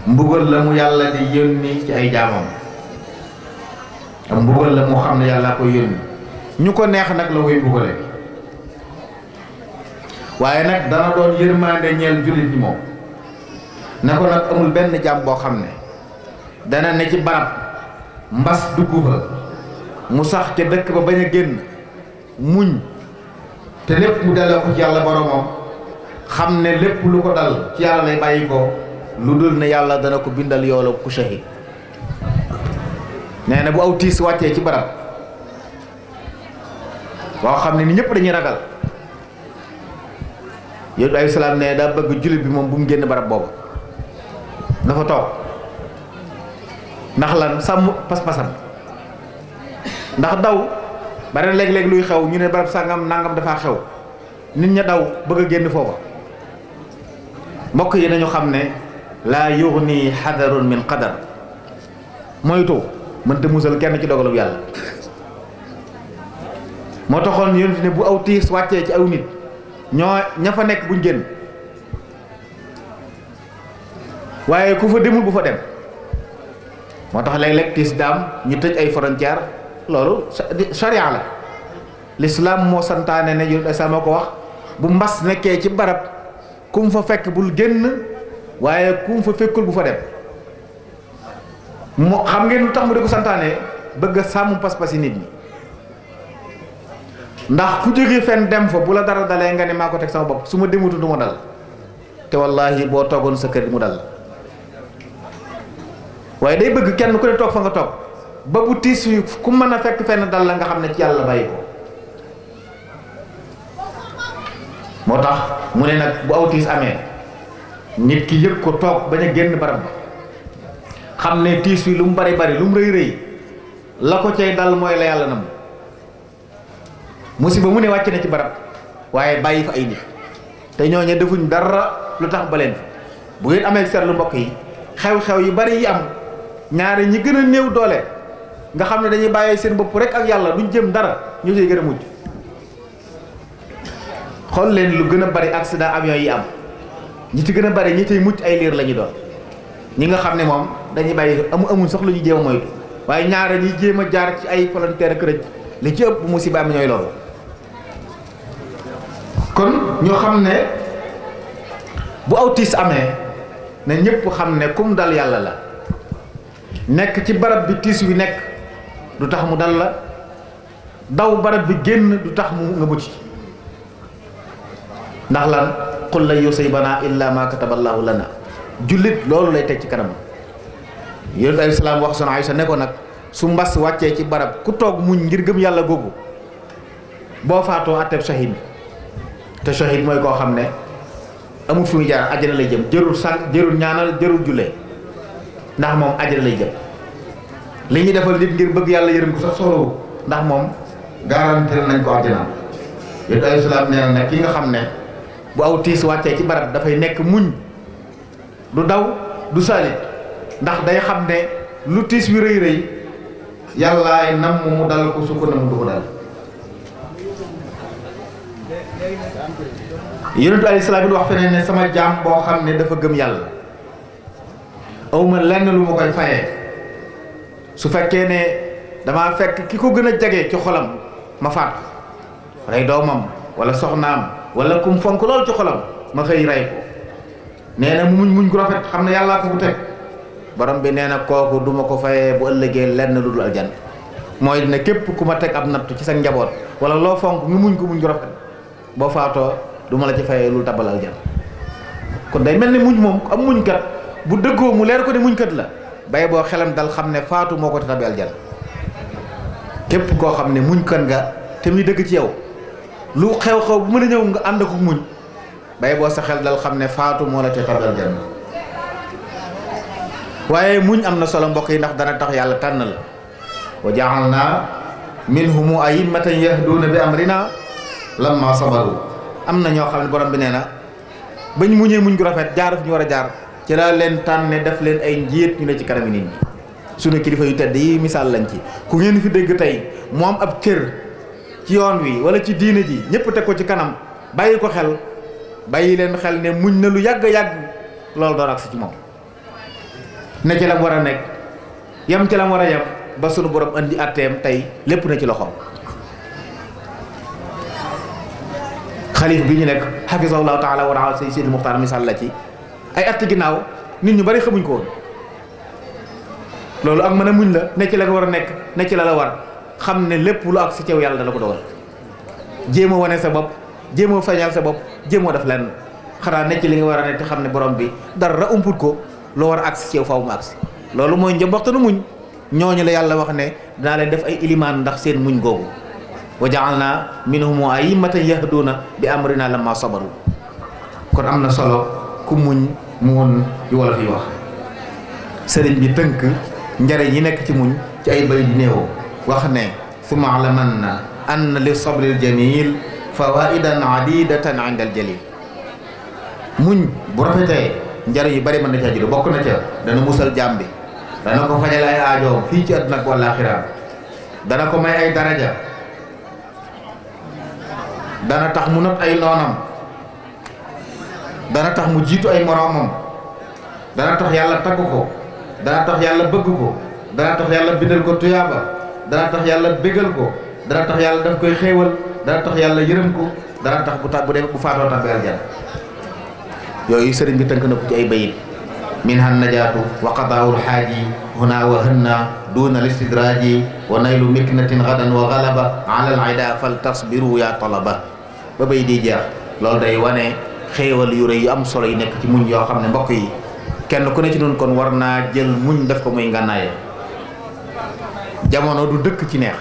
mbugal la mu yàlla di yónni ci ay jaamam mbugal la mu xam ne yàlla ko yónni ñu ko neex nag la koy mbugale waaye nag dana doon yërmande ñeel jullit ñi moom ne ko nag amul benn jaam boo xam ne dana ne ci barab mbas dugg fa mu sax ca dëkk ba bañ a génn muñ te lépp mu delloo ko ci yàlla boromam xam ne lépp lu ko dal ci yàlla lay bàyyi ko lu dul ne yàlla dana ko bindal yoolo ku shahid nee na bu aw tiis wàccee ci barab boo xam ne ni ñëpp dañuy ragal yow alayhi salaam ne daa bëgg jullit bi moom bu mu génn barab boobu dafa toog ndax lan sàmm pas-pasam ndax daw bare na léeg-léeg luy xew ñu ne barab sàngam nangam dafaa xew nit ña daw bëgg a génn foofa mbokk yi nañu xam ne laa nii xadarun min qadar moytu mënta musal kenn ci dogalub yàlla moo taxoon yonent ne bu aw tiis wàccee ci aw nit ñoo ña fa nekk buñ génn waaye ku fa demul bu fa dem moo tax léeg-léeg tiis daam ñu tëj ay frontière loolu charia la l'islam moo santaane ne yonent sa moo ko wax bu mbas nekkee ci barab ku mu fa fekk bul génn waaye ku fa fekkul bu fa dem moo xam ngeen lu tax mu di ko santaane bëgg a sàmm pas-pas yi nit ñi ndax ku jóge fenn dem fa bu la dara dalee nga ne maa ko teg sama bopp su ma demutu du ma dal te wallaahi boo toogoon sa kër mu dal waaye day bëgg kenn ku ne toog fa nga toog ba bu tiis wi ku mën a fekk fenn dal la nga xam ne ci yàlla bàyyi ko moo tax mu ne nag bu aw tiis amee nit ki yëg ko toog bañ a génn barab ba xam ne tiis wi lu mu bari bari lu mu rëy rëy la ko cay dal mooy la yàlla na mu musiba mu ne wàcc na ci barab waaye bàyyi fa ay nit te ñooñu defuñ dara lu tax ba leen fa bu ngeen amee seetlu mbokk yi xew-xew yi bari yi am ñaari ñi gën a néew doole nga xam ne dañuy bàyyee seen bopp rek ak yàlla duñ jëm dara ñoo ciy gën a mujj xool leen lu gën a bari accident avion yi am ñi ci gën a bari ñi tey mucc ay liir la ñu doon ñi nga xam ne moom dañuy bàyyi amu amul sax lu ñu jéem a moytu waaye ñaara ñi jéem a jaar ci ay volontaire ak rëj li ci ëpp bu musiba am ñooy loolu kon ñoo xam ne bu aw tiis amee na ñëpp xam ne comme dal yàlla la nekk ci barab bi tiis wi nekk du tax mu dal la daw barab bi génn du tax mu nga mucc ndax lan qul lan yusibanaa illaa maa kataballaahu lanaa jullit loolu lay teg ci kanam yonent alayhi salaam wax soxna Aysa ne ko nag su mbas wàccee ci barab ku toog muñ ngir gëm yàlla googu boo faatoo àtteeb shahid te shahid mooy koo xam ne amul fi mu jaar àjjana lay jëm jërul sànq jërul ñaana jërul jullee ndax moom àjjana lay jëm li ñu defal nit ngir bëgg yàlla yërëm ko sax soxlawu ndax moom garanti nañ ko àddina yooyu ay salaam nee nga xam ne bu aw tiis wàccee ci barab dafay nekk muñ du daw du salit ndax day xam ne lu tiis wi rëy rëy yàllaay nam mu dal ko su wax feneen ne sama jaam boo xam ne dafa gëm yàlla awma lenn lu ma koy fayee su fekkee ne damaa fekk ki ko gën a jege ci xolam ma faat ko rey doomam wala soxnaam wala kum fonk lool ci xolam ma xëy rey ko nee na mu muñ muñ gu rafet xam ne yàllaa ko bu teg borom bi nee na kooku duma ko fayee bu ëllëgee lenn lu dul aljan mooy ne képp ku ma teg ab natt ci sa njaboot wala loo fonk nga muñ ko muñ gu rafet boo faatoo du ma la ci fayee lu tabal aljan kon day mel ni muñ moom am muñ kat bu dëggoo mu leer ko ne muñ kat la. bay boo xelam dal xam ne faatu moo ko tàbbi aljana képp koo xam ne muñ kan nga te muy dëgg ci yow lu xew-xew bu mën a ñëw nga ànd ko muñ bay boo sa xel dal xam ne faatu moo la te tàbbi aljana waaye muñ am na solo mbokk yi ndax dana tax yàlla tànn la wa ay minhum a'immatan yahduuna bi amrina lamma sabaru am na ñoo xam ne borom bi nee na bañ muñee muñ gu rafet jaar fu ñu war a jaar ci laa leen tànne def leen ay njiit ñu ne ci kanami nit ñi sunu kilifa yu tedd yi misaal lañ ci ku ngeen fi dégg tey moom ab cër ci yoon wi wala ci diine ji ñëpp teg ko ci kanam bàyyi ko xel bàyyi leen xel ne muñ na lu yàgg yàgg loolu door ak si ci moom ne ci lam war a nekk yam ci lam war a yem ba sunu borom indi atteem tey lépp na ci loxoom xalif bi ñu nekk xafisahullahu taala wa rahmatulah Seydi Muxtaar misaal la ci ay at ginnaaw nit ñu bari xamuñ ko loolu ak mën a muñ la ne ci la nga war a nekk ne ci la la war xam ne lépp lu ak si ceew yàlla dana ko dogal jéem wane sa bopp jéem a feeñal sa bopp jéem def lenn xanaa ne ci li nga war a ne te xam ne borom bi dara umput ko loo war a agsi si ceew faaw mu agsi loolu mooy njëmbaxtanu muñ ñooñu la yàlla wax ne dinaa leen def ay ilimaan ndax seen muñ googu wa ja'alnaa minhum a'immatan yahduuna bi amrinaa lammaa sabaru kon am na solo ku muñ mu won yu wala fi wax sëriñ bi tënk njariñ yi nekk ci muñ ci ay bay di néew wax ne la alaman na ann li sabril jamil fawaidan adidatan inda al jalil muñ bu rafetee njariñ yu bari mën na caa jël bokk na ca dana musal jaam bi dana ko fajal ay aajoom fii ci àdduna ko wala dana ko may ay daraja dana tax mu not ay noonam dana tax mu jiitu ay moroomam dana tax yàlla tagg ko dana tax yàlla bëgg ko dana tax yàlla bindal ko tuyaaba dana tax yàlla bégal ko dana tax yàlla daf koy xéewal dana tax yàlla yërëm ko dana tax bu ta bu dee bu faatoo tàbbi yooyu sëriñ bi tënk na ko ci ay bayit min han najaatu wa qadaawul xaaji huna wa hënna duuna listidraaji wa naylu miknatin gadan wa galaba ala al ida fal tasbiru ya talaba ba bay di jeex loolu day wane xéewal yu rëy yu am solo yi nekk ci muñ yoo xam ne mbokk yi kenn ku ne ci noonu kon war naa jël muñ def ko muy ngànnaayam jamono du dëkk ci neex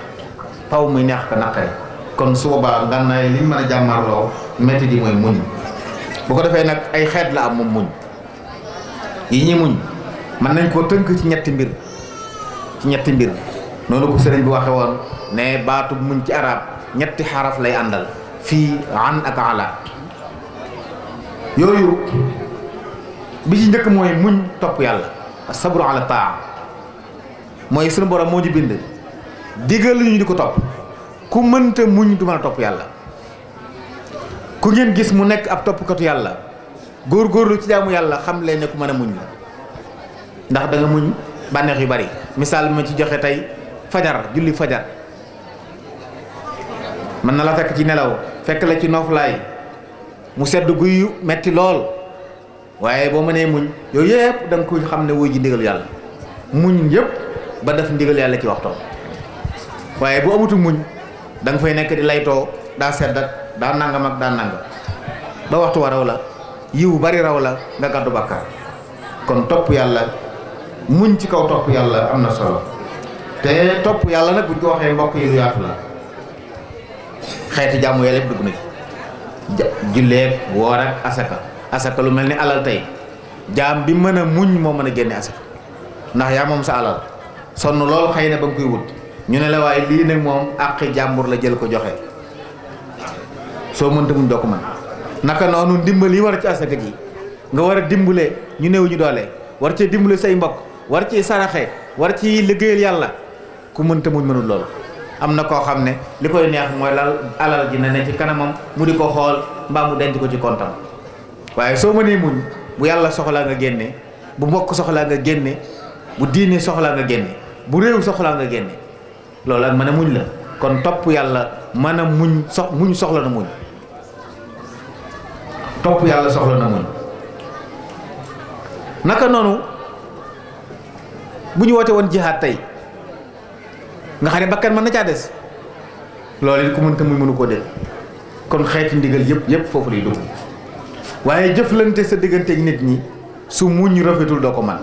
paw muy neex ko naqare kon su boobaa ngànnaay liñ mën a jàmmarloo métti di mooy muñ bu ko defee nag ay xeet la am moom muñ yi ñi muñ mën nañ koo tënk ci ñetti mbir ci ñetti mbir noonu ko sëriñ bi waxe woon ne baatub muñ ci arab ñetti xaraf lay àndal fii an ak ala yooyu bi ci njëkk mooy muñ topp yàlla sabru ala taa mooy sunu borom moo ñu bind digal di ko topp ku mënta muñ du mën topp yàlla ku ngeen gis mu nekk ab toppkatu yàlla góorgóorlu ci jaamu yàlla xam leen ne ku mën a muñ la ndax da nga muñ bànneex yu bari misaal bi ma ci joxe tey fajar julli fajar mën na la fekk ci nelaw fekk la ci nooflaay mu sedd guyy metti lool waaye boo nee muñ yooyu yëpp da nga koy xam ne wuy ji ndigal yàlla muñ yëpp ba def ndigal yàlla ci waxtoom waaye bu amatu muñ danga nga fay nekk di laytoo daa sedd ak daa nangam ak daa nangam ba waxtu wa raw la yiw bari raw la nga gàddu bàkkaar kon topp yàlla muñ ci kaw topp yàlla am na solo te topp yàlla nag buñ ko waxee mbokk yi lu yaatu la xeeti jàmm yàlla yëpp dugg na julleek woor ak asaka asaka lu mel ni alal tey jaam bi mën a muñ moo mën a génne asaka ndax yaa moom sa alal sonn lool xëy na ba nga koy wut ñu ne la waaye lii nag moom àq jàmbur la jël ko joxe soo mënta muñ doo ko naka noonu ndimbal yi war ci asaka ji nga war a dimbale ñu néew ñu doole war cee dimbale say mbokk war ci saraxe war ci liggéeyal yàlla ku mënta muñ mënul lool am na koo xam ne li koy neex mooy lal alal ji ne ne ci kanamam mu di ko xool mbaa mu denc ko ci kontam waaye soo mënee muñ bu yàlla soxlaa nga génne bu mbokk soxlaa nga génne bu diine soxlaa nga génne bu réew soxlaa nga génne loolu ak mën a muñ la kon topp yàlla mën a muñ muñ soxla na muñ topp yàlla soxla na muñ naka noonu bu ñu woote woon jihaad tey nga xam ne bakkan mën na caa des loolu it ku mën ko muy mënu koo del kon xeeti ndigal yëpp yëpp foofu lay dugg waaye jëflante sa digganteeg nit ñi su muñ rafetul doo ko man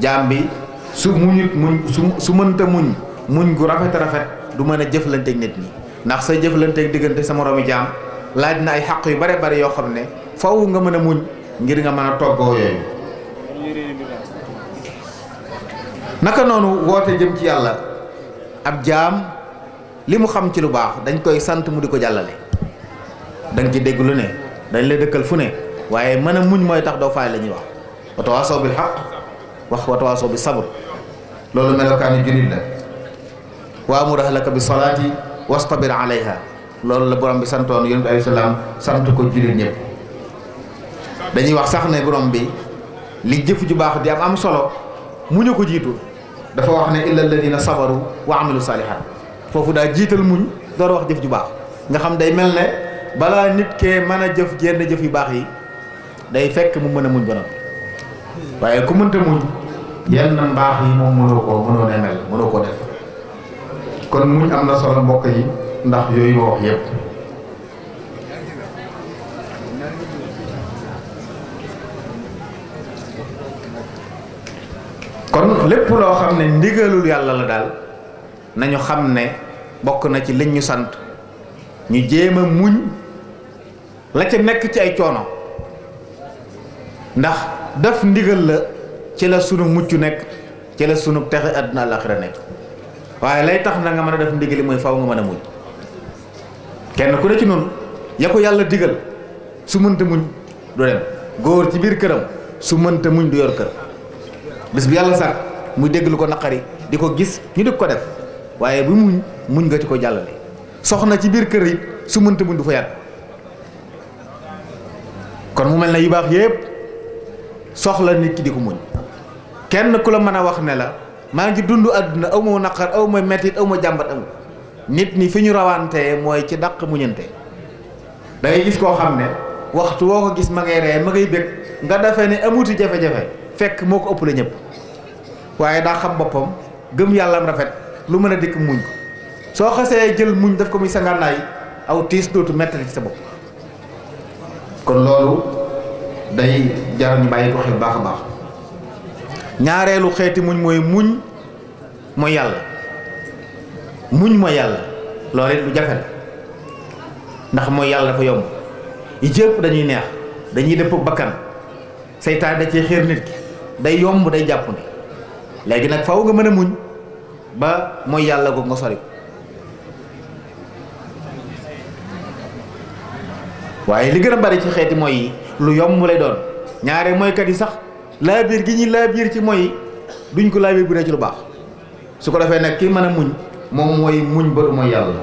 jaam bi su muñut muñ su su mënta muñ muñ gu rafet rafet du mën a jëflanteeg nit ñi ndax sa jëflanteeg diggante sa moroomi jaam laaj na ay xaq yu bare bare yoo xam ne faw nga mën a muñ ngir nga mën a toggoo yooyu naka noonu woote jëm ci yàlla ab jaam li mu xam ci lu baax dañ koy sant mu di ko jàllale dañ ci dégg lu ne dañ lay dëkkal fu ne waaye mën a muñ mooy tax doo faay la ñuy wax watawaasoo bil xaq wax watawaasoo bi sabr loolu melokaani jurit la wa amur ahlaka bi salaati wastabir alayha loolu la borom bi santoon yonent bi alayhi salaam sant ko jurit ñëpp dañuy wax sax ne borom bi li jëf ju baax di am am solo muñu ko jiitu dafa wax ne illa alladina sabaru wa amilu salihat foofu daa jiital muñ door wax jëf ju baax nga xam day mel ne balaa nit kee mën a jëf jenn jëf yu baax yi day fekk mu mën a muñ ba noppi waaye ku mënta muñ yenn mbaax yi moom mënoo ko mënoo mel mënoo koo def kon muñ am na solo mbokk yi ndax yooyu wax yépp kon lépp loo xam ne ndigalul yàlla la daal nañu xam ne bokk na ci liñ ñu sant ñu jéem a muñ la ca nekk ci ay coono ndax daf ndigal la ci la sunu mucc nekk ci la sunu texe àdduna àllaaxira nekk waaye lay tax na nga mën a def ndigali mooy faw nga mën a muñ kenn ku ne ci noonu ya yàlla digal su mënta muñ du dem góor ci biir këram su mënta muñ du yor kër bis bu yàlla sax muy dégg lu ko naqari di ko gis ñu di ko def waaye bu muñ muñ nga ci ko jàllale soxna ci biir kër yi su mënta muñ du fa yàgg kon mu mel na yu baax yépp soxla nit ki di ko muñ kenn ku la mën a wax ne la maa ngi dund àdduna aw ma naqar aw ma mettit aw ma jàmbat amul nit ñi fi ñu rawantee mooy ci dàq muñante da gis koo xam ne waxtu woo ko gis ma ngay ree ma ngay bëgg nga defee ne amuti jafe-jafe fekk moo ko ëpp ëppale ñëpp waaye daa xam boppam gëm yàlla am rafet lu mën a dikk muñ soo xasee jël muñ daf ko muy sangaanaay aw tiis dootu mettali ci sa bopp kon loolu day jar bàyyi ko xel baax a baax ñaareelu xeeti muñ mooy muñ mooy yàlla muñ mooy yàlla loolu it lu jafe la ndax mooy yàlla dafa yomb yi jëpp dañuy neex dañuy dëpp bakkan seytaan da ci xéer nit ki day yomb day jàpp ne léegi nag faw nga mën a muñ ba mooy yàlla ko nga sori ko waaye li gën a bari ci xeeti mooy yi lu yomb lay doon ñaare mooykat yi sax laabiir gi ñuy laabiir ci mooy duñ ko laabiir bu ne ci lu baax su ko defee nag ki mën a muñ moom mooy muñ ba du mooy yàlla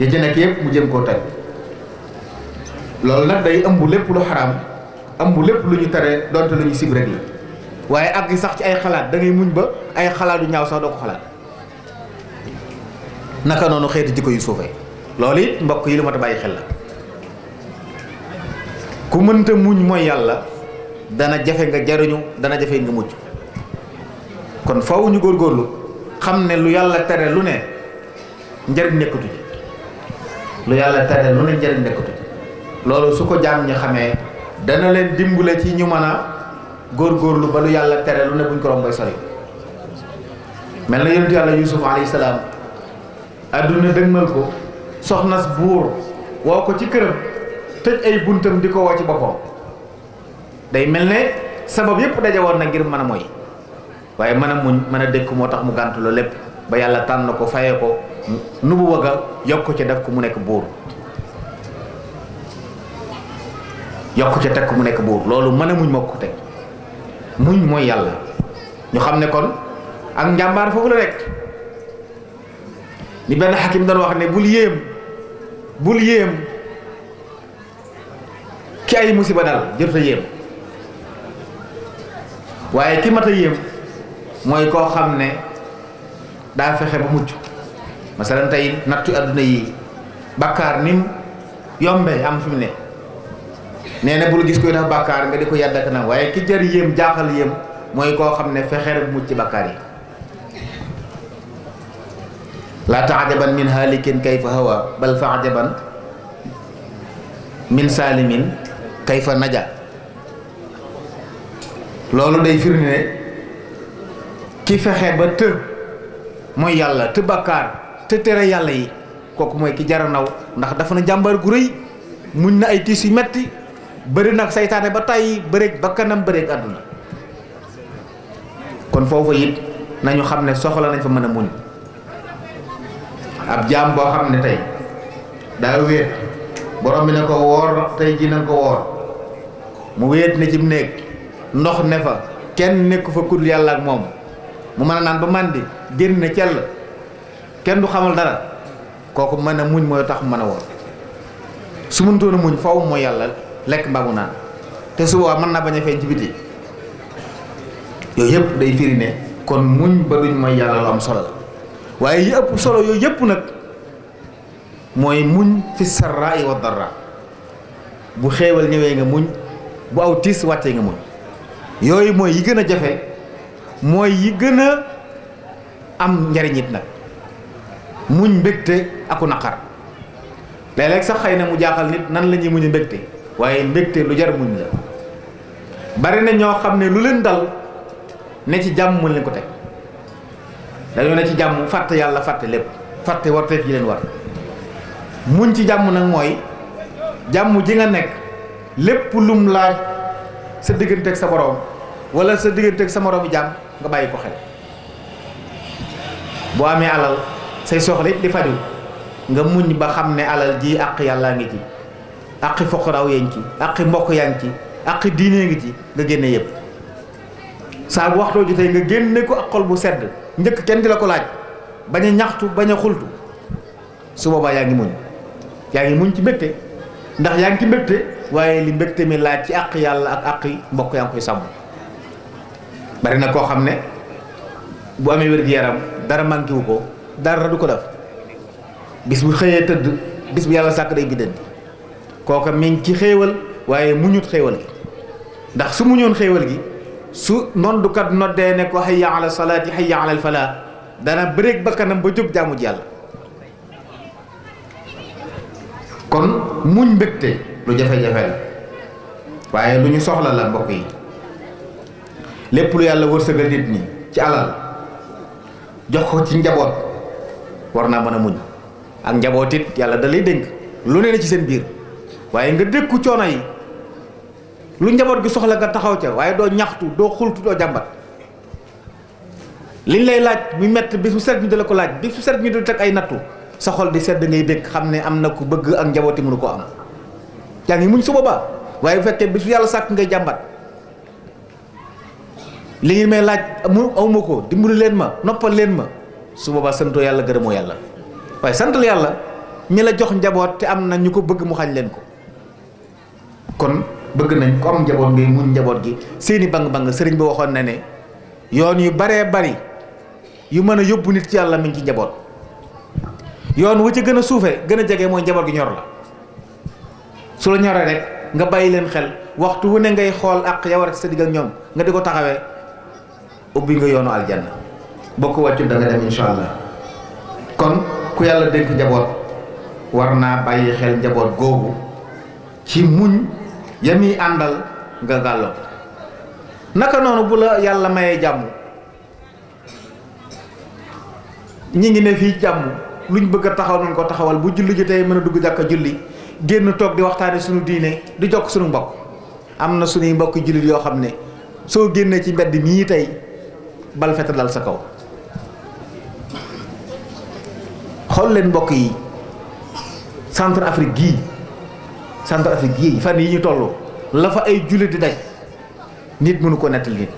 ya ci nekk yëpp mu jëm koo taj loolu nag day ëmb lépp lu xaraam am lépp lu ñu taree donte lu ñu sib rek la waaye ak sax ci ay xalaat da muñ ba ay xalaat yu ñaaw sax doo ko xalaat naka noonu xeeti jikko yu suufee loolu it mbokk yi lu mat a bàyyi xel la ku mënta muñ mooy yàlla dana jafe nga jariñu dana jafe nga mucc kon faaw góor góorlu xam ne lu yàlla tere lu ne njariñ nekkatu lu yàlla tere lu ne njariñ nekkatu loolu su ko jaam ñi xamee dana leen dimbule ci ñu mën a góorgóorlu ba lu yàlla tere lu ne buñ ko romboy sori mel na yonentu yàlla yusuf alayhi salaam adduna dëgmal ko soxna buur woo ko ci këram tëj ay buntam di ko woo ci boppam day mel ne sabab yëpp daje woon na ngir mën a moy waaye mën a muñ mën a dékk moo tax mu gàntuloo lépp ba yàlla tànn ko faye ko nubu wëgga yokk ci def ko mu nekk buur yokk ca teg mu nekk buur loolu mën a muñ moo ko muñ mooy yàlla ñu xam ne kon ak njàmbaar foofu la rek li benn xakim doon wax ne bul yéem bul yéem ki ay musiba dal jërut yéem waaye ki mat yéem mooy koo xam ne daa fexe ba mucc masalan tey nattu adduna yi bakkaar ni mu yombee am fi ne nee na bul gis koy def bàkkaar nga di ko yàdd ak nag waaye ki jar yéem jaaxal yéem mooy koo xam ne fexe rek mucc ci bàkkaar yi laa taajaban min haalikin kayfa hawa bal faajaban min kay fa naja loolu day firnde ki fexe ba të mooy yàlla të bàkkaar te tere yàlla yi kooku mooy ki jara naw ndax dafa na jàmbar gu rëy muñ na ay tiis yu metti bëri nag seytaane ba tàyyi bëreeg ba kanam bëreeg àdduna kon foofu it nañu xam ne soxla nañ fa mën a muñ ab jaam boo xam ne tey daa wéet borom bi ne ko woor tey jii na ko woor mu wéet ne ci néeg ndox ne fa kenn nekku fa kudd yàlla ak moom mu mën a naan ba màndi génn ne cell kenn du xamal dara kooku mën a muñ mooy tax mu mën a woor su mëntoon a muñ faw moo yàlla lekk mbaa mu naan te su boobaa mën naa bañ a feeñ ci yooyu yëpp day firi kon muñ ba duñ mooy yàlla am solo la waaye yi ëpp solo yooyu yëpp nag mooy muñ fi sarra yi wa darra bu xeewal ñëwee nga muñ bu aw tiis wàccee nga muñ yooyu mooy yi gën a jafe mooy yi gën a am njariñit nag muñ mbégte aku naqar léeg-léeg sax xëy na mu jaaxal nit nan la ñuy muñ mbégte waaye mbégte lu jar muñ la bari na ñoo xam ne lu leen dal ne ci jàmm mu leen ko teg dañoo ne ci jàmm fàtte yàlla fàtte lépp fàtte warteef yi leen war muñ ci jàmm nag mooy jàmm ji nga nekk lépp lum laaj sa digganteeg sa borom wala sa digganteeg sa moroomu jàmm nga bàyyi ko xel boo amee alal say soxla it di faju nga muñ ba xam ne alal ji àq yàllaa ngi ci aqi foqaraaw yaa ngi ci aqi mbokk yaa ngi ci aqi diine ngi ci nga génne yëpp saa bu waxtoo jotee nga génne ko ak xol bu sedd njëkk kenn di la ko laaj bañ ñaxtu bañ a xultu su boobaa yaa ngi muñ yaa ngi muñ ci mbégte ndax yaa ngi ci mbégte waaye li mbégte mi laaj ci àq yàlla ak àq mbokk yaa ngi koy sàmm bari na koo xam ne bu amee wér-gu-yaram dara manqué wu ko dara du ko def bis bu xëyee tëdd bis bu yàlla sàkk day biddanti kooka mi ngi ci xéewal waaye muñut xéewal gi ndax su muñoon xéewal gi su noddukat noddee ne ko hayya ala salaati hayya ala falaa dana bëreeg ba kanam ba jóg jaamu yàlla kon muñ mbégte lu jafe-jafe la waaye lu ñu soxla la mbokk yi lépp lu yàlla wërsëgal nit ñi ci alal jox ko ci njaboot war naa mën a muñ ak njaboot it yàlla da lay dénk lu ne na ci seen biir waaye nga dékku coono yi lu njaboot gi soxla nga taxaw ca waaye doo ñaxtu doo xultu doo jàmbat liñ lay laaj mu mett bis bu set ñu di la ko laaj bi bu set ñu di teg ay nattu sa di sedd ngay békk xam ne am na ku bëgg ak njabooti mënu ko am yaa mu muñ su boobaa waaye bu fekkee bis bu yàlla sàkk ngay jàmbat li ngeen may laaj mu awma ko dimbali leen ma noppal leen ma su boobaa santoo yàlla gërëmoo yàlla waaye santal yàlla ñi la jox njaboot te am na ñu ko bëgg mu xañ leen ko kon bëgg nañ ko am njaboot ngay muñ njaboot gi seeni bang-bang sëriñ bi waxoon na ne yoon yu baree bari yu mën a yóbbu nit ci yàlla mi ci njaboot yoon wu ci gën a suufee gën a jege mooy njaboot gi ñor la su la ñoree rek nga bàyyi leen xel waxtu wu ne ngay xool ak yow rek sa digg ñoom nga di ko taxawee ubbi nga yoonu aljanna bokk wàccu da nga dem insha allah kon ku yàlla dénk njaboot war naa bàyyi xel njaboot googu ci muñ ya àndal nga gàlloo naka noonu bu la yàlla mayee jàmm ñi ngi ne fii jàmm luñ bëgg a taxaw nañ ko taxawal bu julli ji tey mën a dugg jàkka julli génn toog di waxtaane suñu diine di jokk sunu mbokk am na suñuy mbokk jullit yoo xam ne soo génnee ci mbedd mii tey bal fete sa kaw xool leen mbokk yi centre Afrique gii afrique yii fan yi ñu toll la fa ay jullit di daj nit mënu ko nettali nit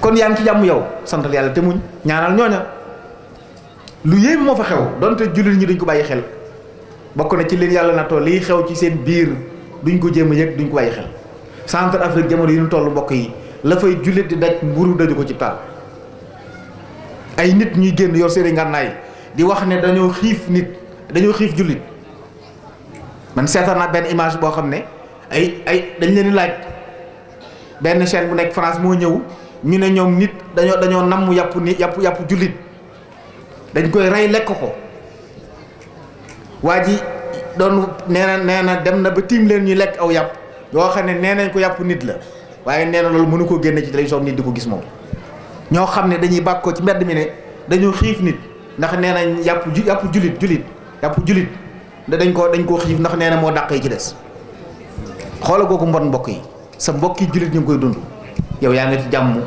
kon yaa ngi ci jàmm yow santal yàlla te muñ ñaanal ñooña lu yéem moo fa xew donte jullit ñi duñ ko bàyyi xel bokk na ci leen yàlla nattoo liy xew ci seen biir duñ ko jéem a yëg duñ ko bàyyi xel Centrafrique jamono yi ñu toll mbokk yi la fay jullit di daj mburu daju ko ci taal ay nit ñuy génn yor seeni ngànnaay di wax ne dañoo xiif nit dañoo xiif jullit man seetaan naa benn image boo xam ne ay ay dañ leen laaj benn chaîne bu nekk France moo ñëw ñu ne ñoom nit dañoo dañoo namm yàpp ni yàpp yàpp jullit dañ koy rey lekk ko waa ji doon nee na nee na dem na ba tiim leen ñu lekk aw yàpp yoo xam ne nee nañ ko yàpp nit la waaye nee na loolu mënu ko génne ci télévision nit di ko gis moom ñoo xam ne dañuy bàkkoo ci mbedd mi ne dañoo xiif nit ndax nee nañ yàpp yàpp jullit jullit yàpp jullit da dañ koo dañ koo xiif ndax nee na moo dàqee ci des xoola googu mbot mbokk yi sa mbokki jullit ñu ngi koy dund yow yaa ngi ci jàmm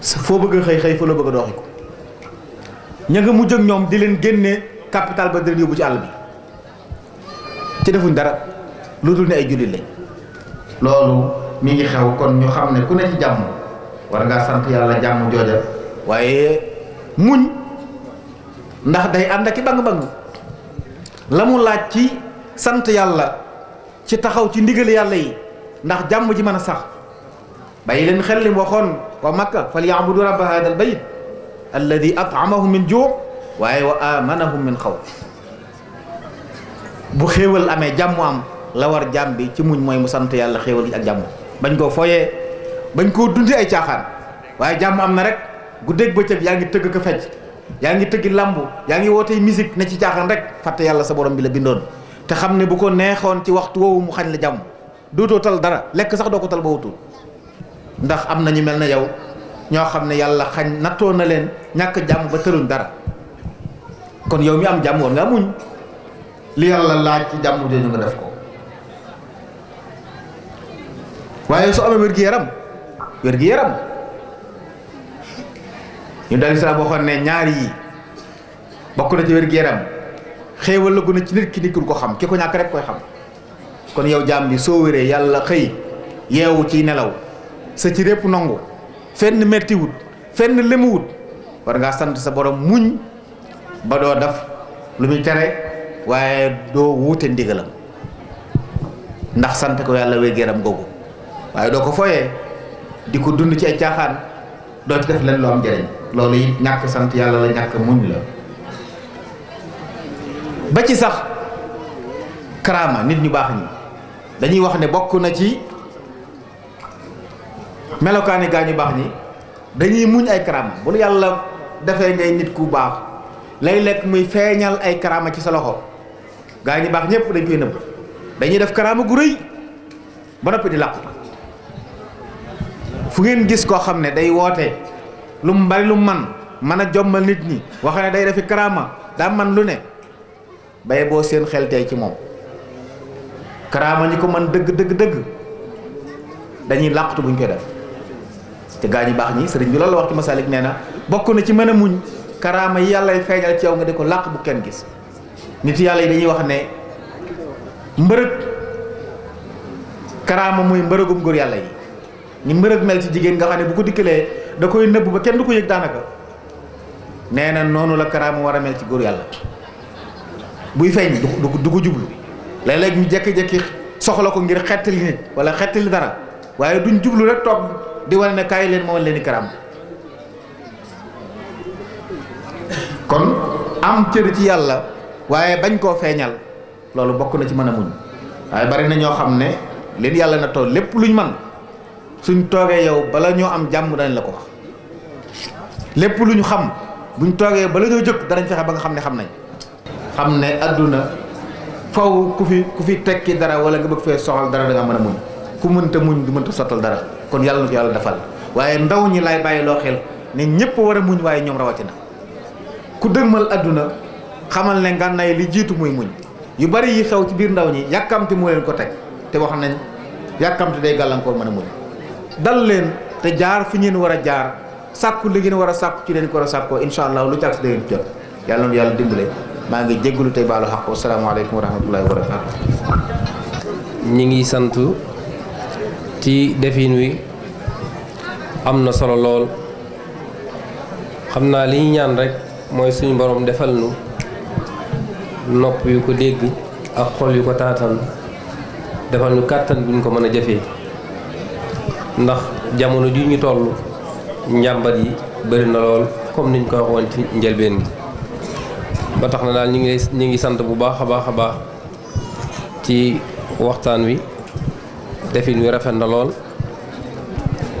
foo bëgg a xëy xëy fa la bëgg a doxi ko ña nga mujj ak ñoom di leen génne capital ba di leen ci àll bi ci defuñ dara lu dul ne ay jullit loolu mi ngi xew kon ñu xam ne ku ne ci jàmm war ngaa sant yàlla jàmm jooja waaye muñ ndax day ànd ak i bang-bang la mu laaj ci sant yàlla ci taxaw ci ndigal yàlla yi ndax jàmm ji mën a sax bàyyi leen xel li mu waxoon wa makka fal yaabudu rabba hada al bayt alladi atamahum min juu waaye wa amanahum min xaw bu xéewal amee jàmm am la war jàmm bi ci muñ mooy mu sant yàlla xéewal ak jàmm bañ koo fooyee bañ koo dundi ay caaxaan waaye jàmm am na rek guddeeg bëccëg yaa ngi tëgg ko fecc yaa ngi tëggi làmb yaa ngi wootee musique ne ci caaxaan rek fàtte yàlla sa borom bi la bindoon te xam ne bu ko neexoon ci waxtu woowu mu xañ la jàmm dootoo tal dara lekk sax doo ko tal ba wutul ndax am na ñu mel ne yow ñoo xam ne yàlla xañ nattoo na leen ñàkk jàmm ba tëruñ dara kon yow mi am jàmm woon nga muñ li yàlla laaj ci jàmm jooju nga def ko waaye su amee wér-gi-yaram wér-gi-yaram ñu dal saa waxoon ne ñaar yi bokk na ci wér-gu-yaram xéewal la gën a ci nit ki nikkul ko xam ki ko ñàkk rek koy xam kon yow jaam bi soo wéree yàlla xëy yeewu ci nelaw sa ci répp nangu fenn mettiwut fenn limuwut war nga sant sa borom muñ ba doo def lu muy tere waaye doo wuute ndigalam ndax sant ko yàlla wér gu googu waaye doo ko fooyee di ko dund ci ay caaxaan doo ci def leen lu am loolu it ñàkk sant yàlla la ñàkk muñ la ba ci sax karaama nit ñu baax ñi dañuy wax ne bokk na ci melokaani gaa ñu baax ni dañuy muñ ay karaama bu la yàlla defee ngay nit ku baax lay lekk muy feeñal ay karaama ci sa loxo gaa ñu baax ñëpp dañ koy nëbb dañuy def karaama gu rëy ba noppi di làqu fu ngeen gis koo xam ne day woote lu mu bari lu mu man mën a jommal nit ñi waxe ne day defi karaama daa man lu ne bay boo seen xel tey ci moom karaama ñi ko man dëgg dëgg dëgg dañuy làqatu buñ koy def te gaa ñu baax ñi sëriñ bi loolu la wax ci masalik nee na bokk na ci mën a muñ karaama yi yàllay feeñal ci yow nga di ko làq bu kenn gis nit yàlla yi dañuy wax ne mbërëg karaama muy mbërëgum góor yàlla yi ni mbërëg mel ci jigéen nga xam ne bu ko dikkalee da koy nëbb ba kenn du ko yëg daanaka nee na noonu la karaama war a mel ci góor yàlla buy feeñ du du ko jublu léeg-léeg ñu jékki-jékki soxla ko ngir xettali nit wala li dara waaye duñ jublu rek toog di wane ne kaay leen ma wan leen i karaama kon am cër ci yàlla waaye bañ koo feeñal loolu bokk na ci mën a muñ waaye bari na ñoo xam ne leen yàlla na tool lépp luñ man suñ toogee yow bala ñoo am jàmm danañ la ko wax lépp lu ñu xam buñ toogee bala ñoo jëkk danañ fexe ba nga xam ne xam nañ xam ne àdduna faw ku fi ku fi tekki dara wala nga bëgg fee soxal dara da nga mën a muñ ku mënta muñ du mënta sottal dara kon yàlla na ko yàlla defal waaye ndaw ñi lay bàyyi loo xel ne ñëpp war a muñ waaye ñoom rawatina ku dëgmal àdduna xamal ne ngànnaay li jiitu muy muñ yu bari yi xew ci biir ndaw ñi yàkkamti moo leen ko teg te wax nañ yàkkamti day gàllankoor mën a muñ dal leen te jaar fi ngeen war a jaar sàkku li ngeen war a sàkku ci leen ko war incha allah lu tax jot yàlla noonu yàlla dimbale maa ngi jégalu tey baalu xaq asalaamaaleykum wa rahmatullahi wa barakaatu. ñi ngi sant ci defin wi am na solo lool xam naa li ñu ñaan rek mooy suñu borom defal nu nopp yu ko dégg ak xol yu ko taatan defal ñu kàttan buñ ko mën a jëfee. ndax jamono ji ñu toll njàmbat yi bëri na lool comme niñ ko waxoon ci njëlbéen gi ba tax na daal ñu ngi ñu ngi sant bu baax a baax a baax ci waxtaan wi defin wi rafet na lool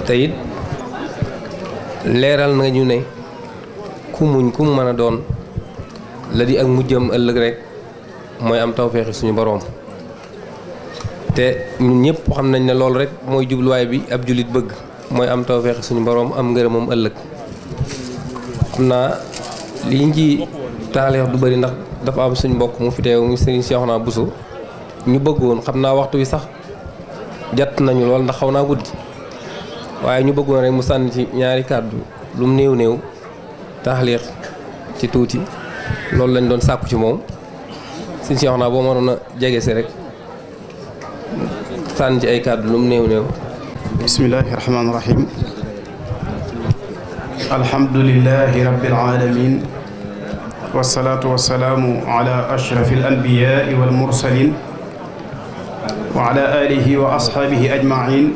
te leeral na ñu ne ku muñ ku mën a doon la di ak mujjam ëllëg rek mooy am tawféexi suñu boroom te ñun ñëpp xam nañ ne loolu rek mooy jubluwaay bi ab jullit bëgg mooy am tawfeex suñu boroom am ngërëmam ëllëg xam naa liñ ci taaleex du bari ndax dafa am suñu mbokk mu fi teew mu sëriñ Cheikhouna Bousso ñu bëggoon xam naa waxtu wi sax jàtt nañu lool ndax xaw naa guddi waaye ñu bëggoon rek mu sànni ci ñaari kàddu lu néew néew taxliir ci tuuti loolu lañ doon sàkku ci moom suñ Cheikhouna boo mënoon a jege si rek sànni ci ay kàddu lu mu néew néew bismillahi rahmaani rahim alhamdulilahi rabbil alamin wasalaatu wasalaamu ala ashrafi al anbiyai wal mursalin wa ala alihi wa ashaabihi ajmain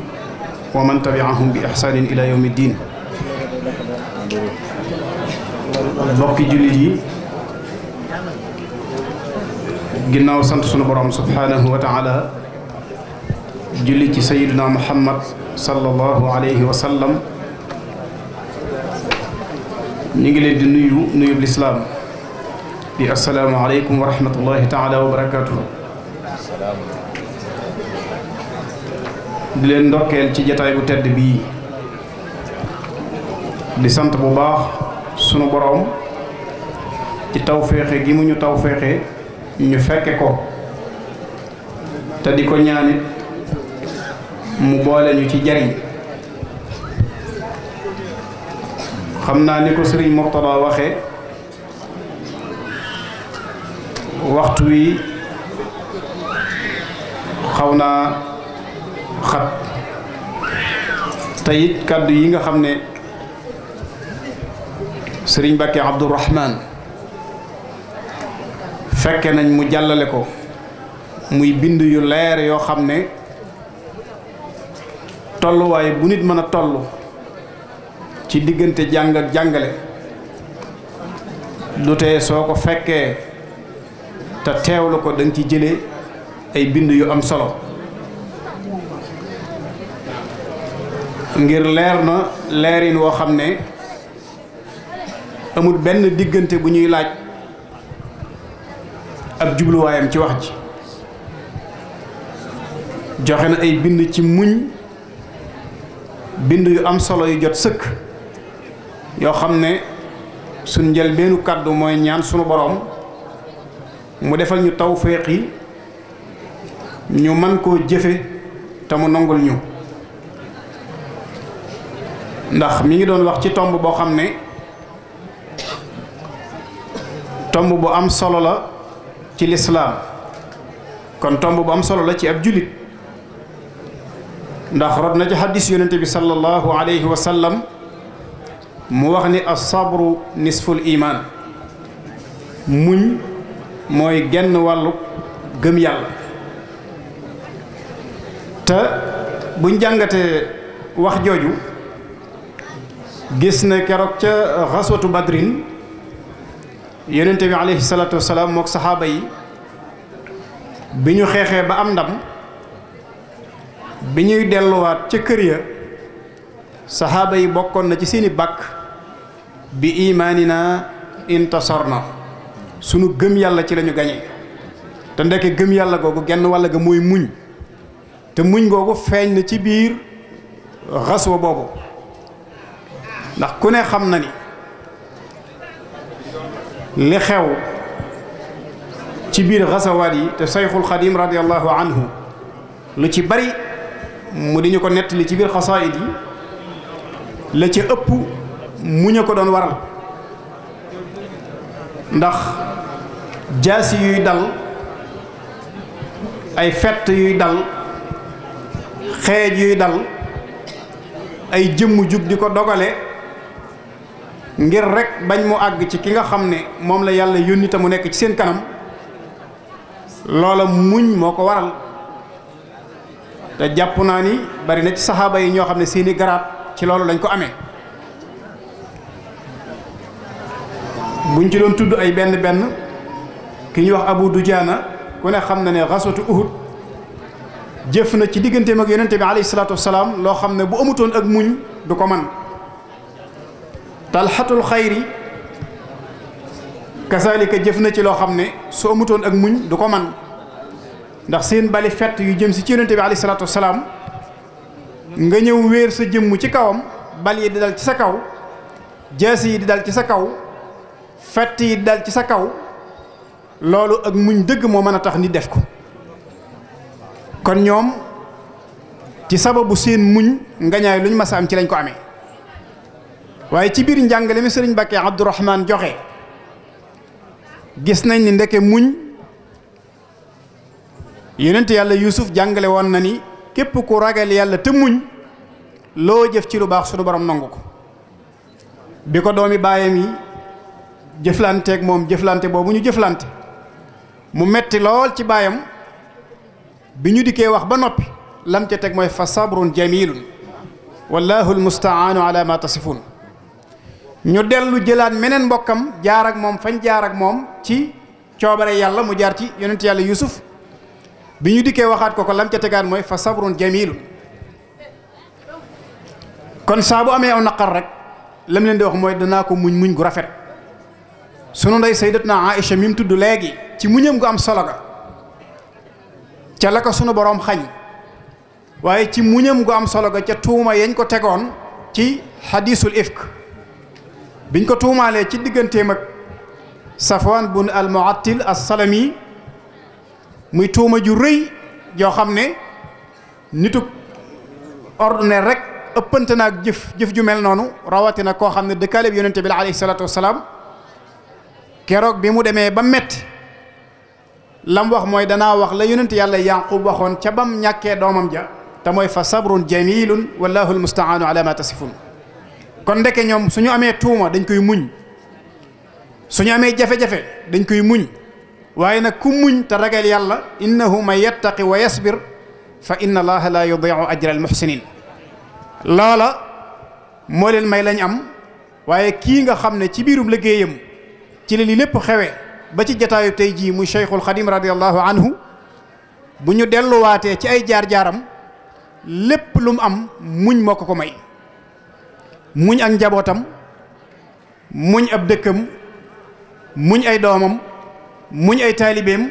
wa man tabiahum bi ihsanin ila yawmi ddin mbokki jullit yi ginnaaw sant sunu borom subhanahu wa taala julli ci sayiduna muhammad sallallahu alayhi wa ñu ngi leen di nuyu nuyub lislaam di assalaamu aleykum wa rahmatullahi taala wa barakatuhu di leen ndokkeel ci jataay bu tedd bii di sant bu baax sunu boroom ci tawféexe gi mu ñu tawféexe ñu fekke ko te di ko ñaanit mu boole ñu ci jariñ xam naa ni ko sëriñ Mourtada waxe waxtu wi xaw naa xat te kàddu yi nga xam ne sëriñ Bakke Abdourahman fekke nañ mu jàllale ko muy bind yu leer yoo xam ne tolluwaay bu nit mën a toll ci diggante jàng jàngale lu tee soo ko fekkee te teewlu ko danga ci jële ay bind yu am solo ngir leer na leerin woo xam ne amul benn diggante bu ñuy laaj ab jubluwaayam ci wax ji joxe na ay bind ci muñ bind yu am solo yu jot sëkk yoo xam ne suñ njëlbeenu kàddu mooy ñaan sunu boroom mu defal ñu tawféex yi ñu mën koo jëfe te mu nangul ñu ndax mu ngi doon wax ci tomb boo xam ne tomb bu am solo la ci lislaam kon tomb bu am solo la ci ab jullit ndax rod na ci xadis yonente bi sallallahu alayhi wa sallam mu wax ni a sabru nisful iman muñ mooy genn wàllu gëm yàlla te buñ jàngatee wax jooju gis na keroog ca xaswatu badrin yonente bi alayhi salaatu wasalaam mook saxaaba yi bi ñu xeexee ba am ndam bi ñuy delluwaat ca kër ya saxaaba yi bokkoon na ci seeni bàkk bi imaanina intasarna sunu gëm yàlla ci lañu gañe te ndeke gëm yàlla googu genn walla ga mooy muñ te muñ googu feeñ na ci biir xaswa boobu ndax ku ne xam na ni li xew ci biir xasawaat yi te sayxul xadim radiallahu anhu lu ci bari mu di ñu ko nettali ci biir xasaayid yi la ca ëpp mu ñu ko doon waral ndax jaasi yuy dal ay fett yuy dal xeej yuy dal ay jëmm jug di ko dogale ngir rek bañ mu àgg ci ki nga xam ne moom la yàlla yónni te mu nekk ci seen kanam loola muñ moo ko waral te jàpp naa ni bari na ci saxaaba yi ñoo xam ne seeni garaat ci loolu lañ ko amee buñ ci doon tudd ay benn benn ki ñuy wax Abu Dujaana ku ne xam na ne xasatu Uhud jëf na ci digganteem ak yonente bi alayhi salaatu wasalaam loo xam ne bu amutoon ak muñ du ko man talxatul xayri kasaalika jëf na ci loo xam ne su amutoon ak muñ du ko man ndax seen bali fett yu jëm si ci yonente bi alayhi salaatu wasalaam nga ñëw wéer sa jëmm ci kawam bal yi di dal ci sa kaw jaas yi di dal ci sa kaw fett yi di dal ci sa kaw loolu ak muñ dëgg moo mën a tax nit def ko kon ñoom ci sababu seen muñ ngañaay luñ mas a am ci lañ ko amee waaye ci biir njàngale mi sëriñ Mbàkke Abdourahman joxe gis nañ ni ndeke muñ yeneen yonent yàlla Yuusuf jàngale woon na ni képp ku ragal yàlla te muñ loo jëf ci lu baax suñu borom nangu ko bi ko doomi baayam yi jëflanteek moom jëflante boobu ñu jëflante mu metti lool ci baayam bi ñu dikkee wax ba noppi lam ca teg mooy fa sabrun jamilun wallahu almustaanu ala ma ñu dellu jëlaat meneen mbokkam jaar moom fañ jaar moom ci coobare yàlla mu jaar ci yeneen yonent yàlla Yuusuf bi ñu dikkee waxaat ko ko lam ca tegaat mooy fa sabrun jamilu kon saa bu amee aw naqar rek lam leen di wax mooy danaa ko muñ muñ gu rafet sunu ndey sayyidatuna Aïcha mi mu tudd léegi ci muñam gu am solo ga ca la ko sunu boroom xañ waaye ci muñam gu am solo ga ca tuuma yañ ko tegoon ci hadisul ifk biñ ko tuumaalee ci digganteem ak Safwan bun al Muattil as-Salami muy tuuma ju rëy yoo xam ne nitu ordinaire rek ëppante na ak jëf jëf ju mel noonu rawatina koo xam ne dëkkaale bi yonente bi la alayhi salaam keroog bi mu demee ba metti lam wax mooy danaa wax la yonent yàlla yanqub waxoon ca bam ñàkkee doomam ja te mooy fa sabrun jamilun wallahu almustaanu ala ma tasifun kon ndeke ñoom ñu amee tuuma dañ koy muñ suñu amee jafe-jafe dañ koy muñ waaye nag ku muñ te ragal yàlla innahu man yattaqi wa yasbir fa inna allaha la yudiu ajra almuhsinin loola moo leen may lañ am waaye kii nga xam ne ci biirum liggéeyam ci la lépp xewe ba ci jataayu tey jii muy cheikhul xadim radiallahu anhu bu ñu delluwaatee ci ay jaar-jaaram lépp lum am muñ moo ko may muñ ak njabootam muñ ab dëkkam muñ ay doomam muñ ay taalibeem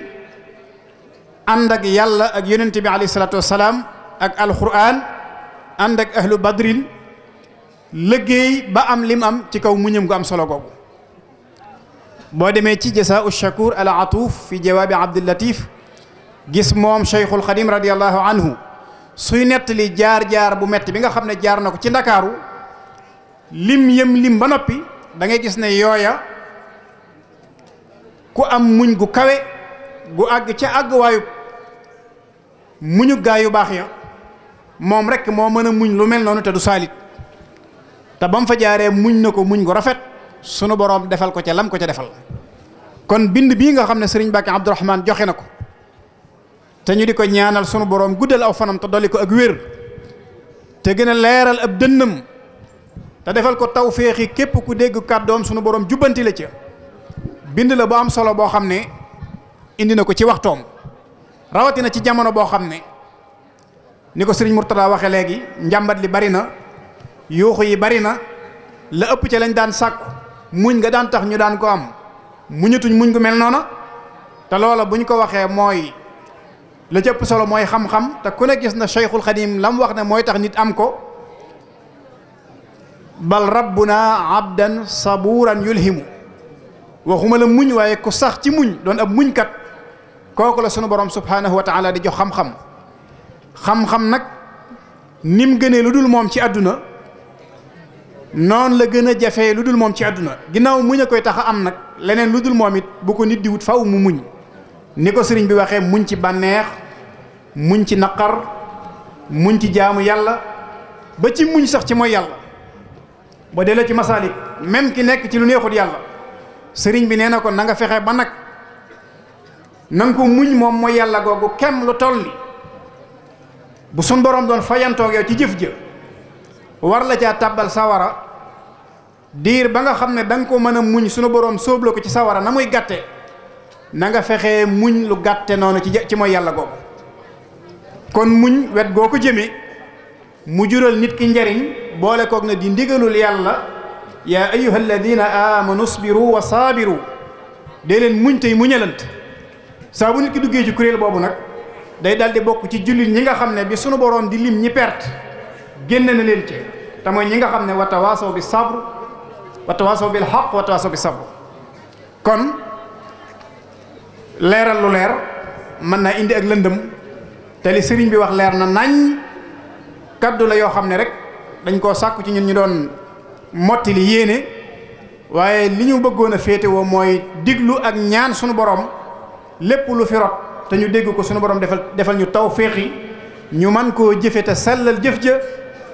ànd yàlla ak yonent bi alayhi salaatu ak alquran ànd ak ba am lim am ci kaw muñam gu am solo googu boo demee ci jasaau shakur al atuuf fi jawaabi abdillatif gis moom cheikhul xadim radiallahu anhu suy nettali jaar-jaar bu metti bi nga xam ne jaar na ko ci ndakaaru lim yëm lim ba noppi dangay gis ne yooya ku am muñ gu kawe gu àgg ca àgg waayu muñu gaay yu baax ya moom rek moo mën a muñ lu mel noonu te du saalit te ba mu fa jaaree muñ na ko muñ gu rafet sunu boroom defal ko ca lam ko ca defal kon bind bii nga xam ne sëriñ Mbàkke Abdourahmane joxe na ko te ñu di ko ñaanal sunu boroom guddal aw fanam te dolli ko ak wér te gën a leeral ab dënnam te defal ko taw féexi képp ku dégg kàddoom sunu boroom jubbanti la ca bind la boo am solo boo xam ne indi na ko ci waxtoom rawatina ci jamono boo xam ne ni ko sëriñ Mourtada waxe léegi njàmbat li bari na yuuxu yi bari na la ëpp ci lañ daan sàkku muñ nga daan tax ñu daan ko am muñutuñ muñ gu mel noona te loola bu ñu ko waxee mooy la ci solo mooy xam-xam te ku ne gis na Cheikhul Xadim lam wax ne mooy tax nit am ko bal rabbuna abdan saburan yulhimu waxuma la muñ waaye ku sax ci muñ doon ab muñkat kooku la sunu borom subhaanahu wa taala di jox xam-xam xam-xam nag nim gënee lu dul moom ci àdduna noonu la gën a jafee lu dul moom ci àdduna ginnaaw muñ a koy tax a am nag leneen lu dul moom it bu ko nit di wut faw mu muñ ni ko sëriñ bi waxee muñ ci bànneex muñ ci naqar muñ ci jaamu yàlla ba ci muñ sax ci mooy yàlla ba delloo ci masaalik même ki nekk ci lu neexut yàlla sëriñ bi nee na ko na nga fexe ba nag na ko muñ moom mooy yàlla googu kem lu toll ni bu sun borom doon fayantoog yow ci jëf jë war la caa tàbbal sawara diir ba nga xam ne da ko mën a muñ sunu borom sóobla ko ci sawara na muy gàtte na nga fexe muñ lu gàtte noonu ci ci mooy yàlla googu kon muñ wet goo ko jëmee mu jural nit ki njariñ boole koog na di ndigalul yàlla yaa ayuha alladina amanu sbiru wa saabiru dee leen muñ tey muñalante saa bu ki duggee ci kuréel boobu nag day dal bokk ci jullit ñi nga xam ne bi sunu boroom di lim ñi perte génne na leen ci te ñi nga xam ne wa tawaasaw bi sabr wa tawaasaw bil xaq wa tawaasaw bi sabr kon leeral lu leer mën naa indi ak lëndëm te li sëriñ bi wax leer na nañ kaddu la yoo xam ne rek dañ koo sàkku ci ñun ñu doon mottali yéene waaye li ñu bëggoon a féetewoo mooy diglu ak ñaan sunu borom lépp lu fi te ñu déggu ko sunu borom defal defal ñu taw féexi ñu man koo jëfe te sellal jëf ja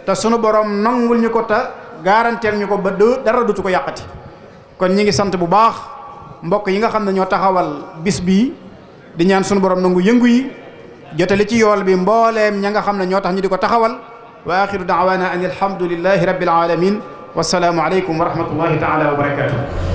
te sunu borom nangul ko te gaaranteel ñu ko ba doo dara dutu ko yàqati kon ñi ngi sant bu baax mbokk yi nga xam ne ñoo taxawal bis bii di sunu borom nangu yëngu yi jotali ci yool bi mbooleem ña nga xam ne ñoo tax ñu di ko taxawal wa axiru daawaana an alhamdulillahi rabbil alamin wasalaamu aleykum wa rahmatullahi taala wa barakatuh